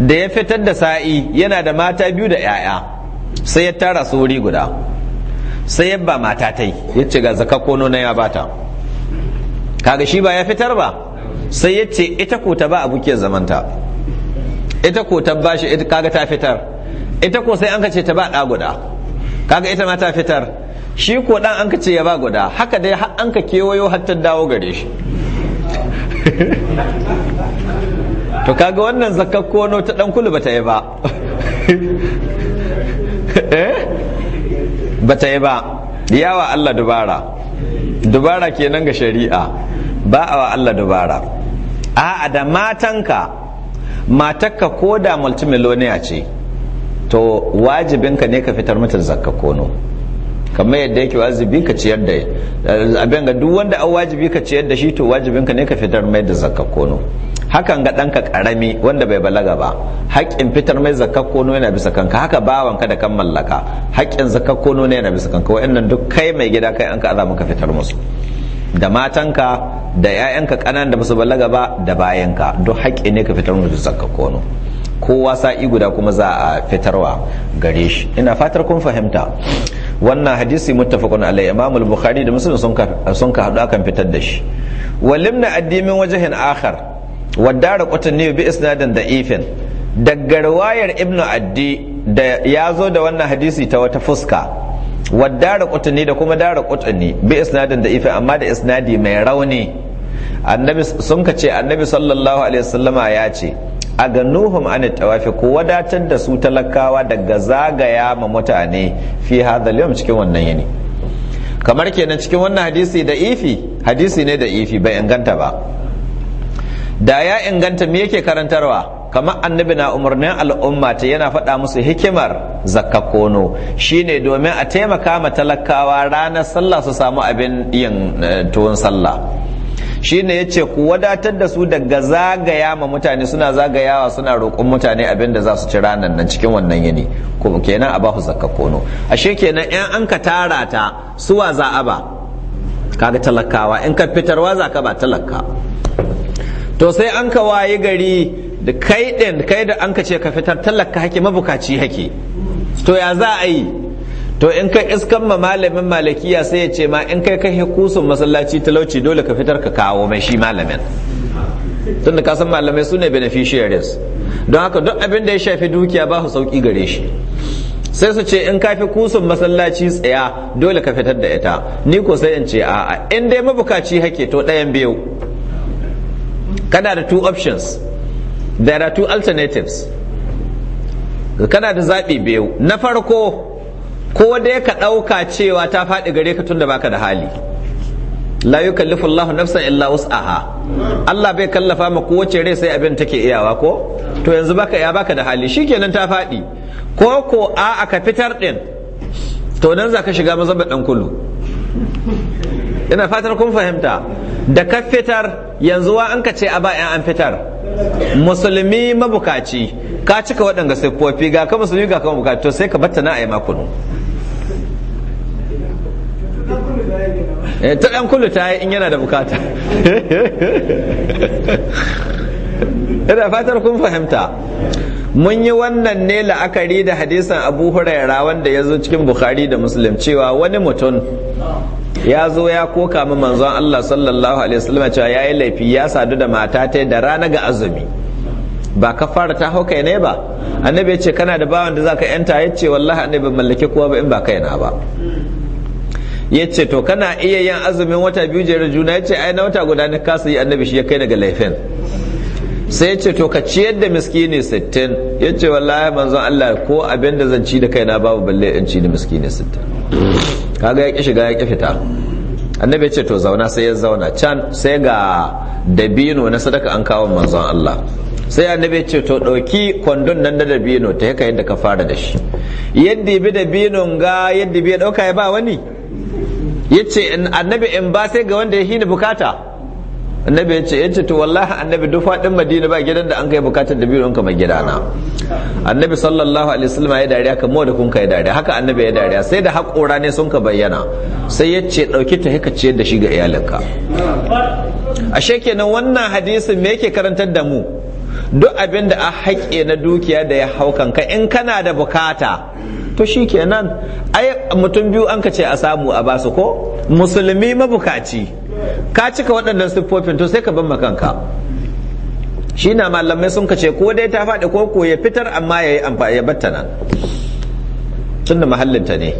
S1: da ya fitar da sa'i yana da mata biyu da 'ya'ya sai ya tara su wuri guda sai ya ba mata tai ya ce ga zakka na ya bata kaga shi ba ya fitar ba sai ya ce ita ko ta ba abokiyar zamanta ita ko ta ba shi kaga ta fitar ita ko sai an ka ce ta ba ɗa guda kaga ita ma ta fitar shi ko ɗan an ka ce ya ba guda haka dai har an ka kewayo har ta dawo gare shi to kaga wannan zakar kono ta ɗan kulu bata yi ba eh? bata yi ba yawa Allah dubara dubara kenan ga shari'a ba a wa Allah dubara a'a da matanka matakka ko da multimiloniya ce to wajibinka ne ka fitar mata zakka kono kamar yadda yake wajibi ka ciyar da abin ga duk wanda an wajibi ka ciyar da shi to wajibinka ne ka fitar mai da zakka kono hakan ga ɗanka ƙarami wanda bai balaga ba haƙƙin fitar mai kono yana bisa kanka haka bawanka da kan mallaka haƙƙin kono ne yana bisa kanka wa'annan duk kai mai gida kai an ka maka fitar musu da matanka da 'ya'yanka kanan da basu balaga ba da bayanka duk haƙƙi ne ka fitar musu zakka kono kowa sa'i guda kuma za a fitarwa gare shi ina fatar kun fahimta wannan hadisi muttafaqun alai imam al-bukhari da muslim sun ka sun hadu akan fitar da shi walimna addimin wajhin akhar wadara ne bi isnadin da daga riwayar ibnu addi da ya zo da wannan hadisi ta wata fuska wadda dara da kuma dara qutni bi isnadin da ife amma da isnadi mai rauni annabi sun ka ce annabi sallallahu alaihi wasallama ya ce a ganuhum an tawafi ko wadatar da su talakawa daga zagaya ma mutane fi hadhal yawm cikin wannan yini kamar kenan cikin wannan hadisi da ifi hadisi ne da ifi bai inganta ba da ya inganta me yake karantarwa Kama annabi na umarnin al'umma ta yana faɗa musu hikimar zakakono shine domin a taimaka ma talakawa ranar sallah su samu abin yin eh, tuwon sallah shine ya ce ku wadatar da su daga zagaya ma mutane suna zagayawa suna roƙon mutane abin da za su ci ranar nan cikin wannan yini ko kenan a bahu zakakono ashe kenan yan an ka tara ta suwa za a ba kaga talakawa in ka fitarwa za ka ba talaka to sai an ka wayi gari da kai ɗin kai da an ce ka fitar talaka hake mabukaci hake to ya za a yi to in kai iskan ma malamin malakiya sai ya ce ma in kai kai kusun masallaci talauci dole ka fitar ka kawo mai shi malamin tunda ka san malamai su ne beneficiaries don haka duk abin da ya shafi dukiya ba su sauki gare shi sai su ce in kafi kusun masallaci tsaya dole ka fitar da ita ni ko sai in ce a'a in dai mabukaci hake to ɗayan biyu kana da two options there are two alternatives kana da zaɓi biyu na farko ko dai ka ɗauka cewa ta faɗi gare ka tun da baka da hali la yukallifu Allahu nafsan illa aha. Allah bai kallafa ma kowace rai sai abin take iyawa ko to yanzu baka ya baka da hali shikenan ta faɗi ko ko a aka fitar din to nan za ka shiga mazaba kullu ina fatar kun fahimta da ka fitar yanzu wa an ka ce a bayan an fitar musulmi mabukaci ka cika waɗanda siffofi ga ka musulmi ga ka mabukaci to sai ka batta na a yi makonu eh, ta ɗan kullu ta yi in yana da bukata ina fatar kun fahimta mun yi wannan ne la'akari da hadisan abu huraira wanda ya zo cikin bukhari da muslim cewa wani mutum ya zo ya koka ma manzon Allah sallallahu alaihi wasallam cewa yayi laifi ya sadu da mata ta da rana ga azumi ba ka fara ta hauka ne ba annabi ya ce kana da bawan da zaka yanta ya ce wallahi annabi mallake kowa ba in ba na ba ya ce to kana iya yin azumin wata biyu jere juna ya ce ai na wata guda ne kasa yi annabi shi ya kai daga laifin sai ya ce to ka ciyar da miskini sittin ya ce wallahi manzon Allah ko abin da zan ci da kaina babu balle in ci da miskini sittin kaga ya ƙi shiga ya kifita fita annabi ce to zauna sai ya zauna can sai ga dabino na sadaka an kawo manzon Allah sai annabi ce to ɗauki kwandon nan da dabino ta yaka yadda ka fara da shi yadda bi dabino ga yadda bi ya ɗauka ya ba wani yace annabi in ba sai ga wanda ya hini bukata annabi ya ce yace to wallahi annabi duk faɗin madina ba gidan da an kai bukatar da biyu kamar gidana annabi sallallahu alaihi wasallam ya dariya kamar da kun kai dariya haka annabi ya dariya sai da haƙora ne sun ka bayyana sai ya ce ɗauki ta haka ciyar da shi ga iyalinka ashe kenan wannan hadisin me yake karantar da mu duk abin da a haƙe na dukiya da ya hau kanka in kana da bukata to shi kenan ai mutum biyu an ka ce a samu a basu ko musulmi mabukaci ka cika waɗannan siffofin to sai ka ban makanka shi na malamai sun kace ko dai ta faɗi ko ko ya fitar amma ya yi amfani ya battana tun da mahallinta ne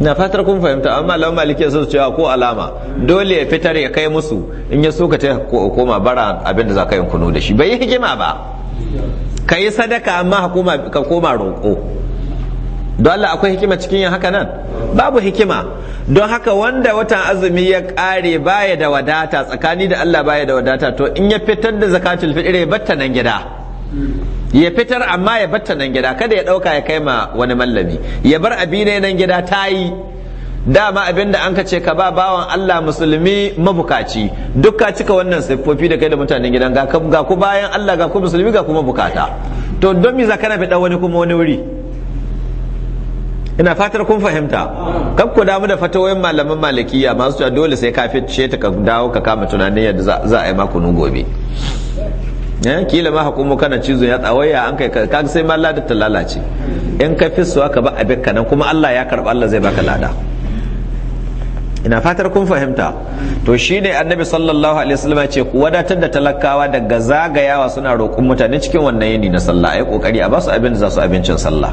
S1: na fatar kun fahimta amma lawan maliki sun cewa ko alama dole ya fitar ya kai musu in ya so ka ta koma bara abinda za ka yi kunu da shi bai yi hikima ba ka yi sadaka amma ka koma roƙo don Allah akwai hikima cikin yin haka nan babu hikima don haka wanda watan azumi ya kare baya da wadata tsakani da Allah baya da wadata to in ya fitar da zakatul fitr ya batta nan gida ya fitar amma ya batta nan gida kada ya ɗauka ya kai ma wani mallami ya bar abi ne nan gida tayi dama abin da an ka ce ka ba bawan Allah musulmi mabukaci duk cika wannan siffofi da kai da mutanen gidan ga ku bayan Allah ga ku musulmi ga kuma bukata to don me zakana fi wani kuma wani wuri ina fatar kun fahimta kab ku damu da fatawoyin malaman malikiya masu cewa dole sai ka fice ta ka dawo ka kama tunanin yadda za a yi makunun gobe eh, kila ma hakumu kana cizo ya tsawaya an kai ka sai ma lada ta lalace in ka fisuwa ka ba abin ka nan kuma Allah ya karba Allah zai baka lada ina fatar kun fahimta to shine annabi sallallahu alaihi wasallam ya ce ku wadatar da talakawa daga zagayawa suna roƙon mutane cikin wannan yini na sallah ai kokari a basu abin da za su abincin sallah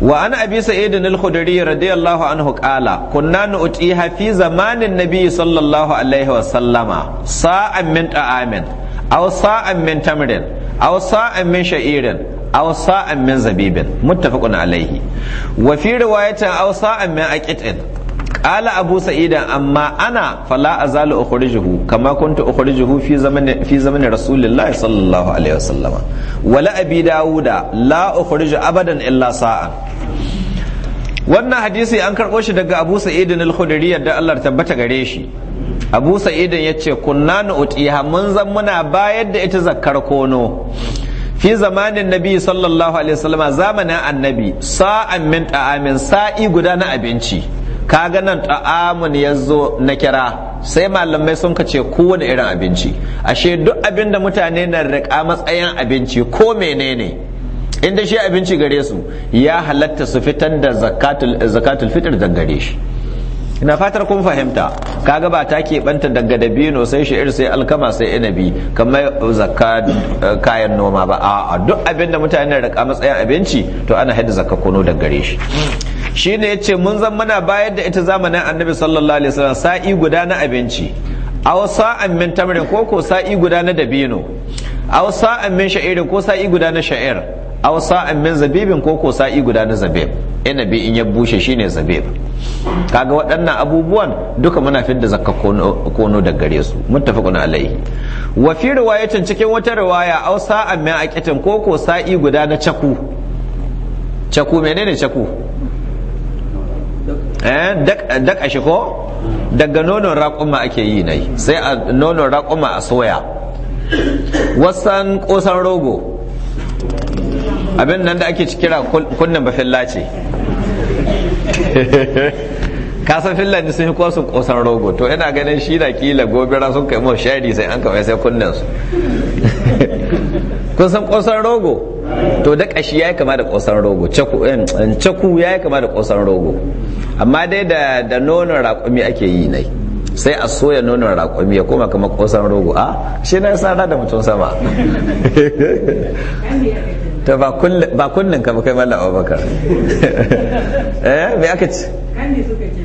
S1: wa an abi sa'idin al-khudri radiyallahu anhu qala kunna nu'tiha fi zamanin nabi sallallahu alaihi wa sallama sa'an min ta'amin aw sa'an min tamrin aw sa'an min sha'irin aw sa'an min zabibin muttafaqun alaihi wa fi riwayatin aw sa'an min aqitin qala abu sa'idan amma ana fala zali ukhrijuhu kama kuntu ukhrijuhu fi zaman fi zaman sallallahu alaihi wasallam wala abi dauda la ukhriju abadan illa sa'a. wannan hadisi an karɓo shi daga abu sa'idin al-khudri yadda Allah tabbata gare shi abu sa'idin ya ce kunna nu'tiha mun zan muna bayar da ita zakkar kono fi zamanin nabi sallallahu alaihi wasallam zamanin annabi sa'an min ta'amin sa'i guda na abinci kaga nan ta'amun ya zo na kira sai malamai sun kace kowane irin abinci ashe duk abin da mutane na riƙa matsayin abinci ko menene inda shi abinci gare su ya halatta su fitar da zakatul fitar gare shi ina fatar kun fahimta kaga ba ta keɓanta daga dabino sai iri sai alkama sai inabi kamar zakka eh, kayan noma ba a duk abin da mutane da rika matsayin abinci to ana haɗa zakka kono daga gare shi Shi ya ce mun zan mana bayar da ita zamanin annabi sallallahu alaihi wasallam sa'i guda na abinci aw sa'an min tamrin ko ko sa'i guda na dabino aw sa'an min sha'irin ko sa'i guda na sha'ir aw sa'an min zabibin ko ko sa'i guda na zabib bi in ya bushe shine zabib kaga waɗannan abubuwan duka muna fidda zakka kono da gare su muttafaqun alaihi wa fi riwayatin cikin wata riwaya aw sa'an min aqitin ko ko sa'i guda na caku caku menene caku Eh, eh, daka shi ko daga nonon raƙuma ake yi nai sai a nonon raƙuma a soya wasan ƙosan rogo abin nan da ake kira kunnan ba filla ce kasan ne sun yi kwasu ƙosan rogo to ina ganin shi na kila gobira sun kai mawa shari sai an kawai sai kunnan su kun san rogo to da kashi yi kama da kosan rogo caku ya yi kama da kosan rogo amma dai da nonon raƙumi ake yi nai sai a soya nonon raƙumi ya koma kama kosan rogo a ah, shi na sana da mutum sama ta ba kullun ka ba kai mallam abubakar eh me aka ci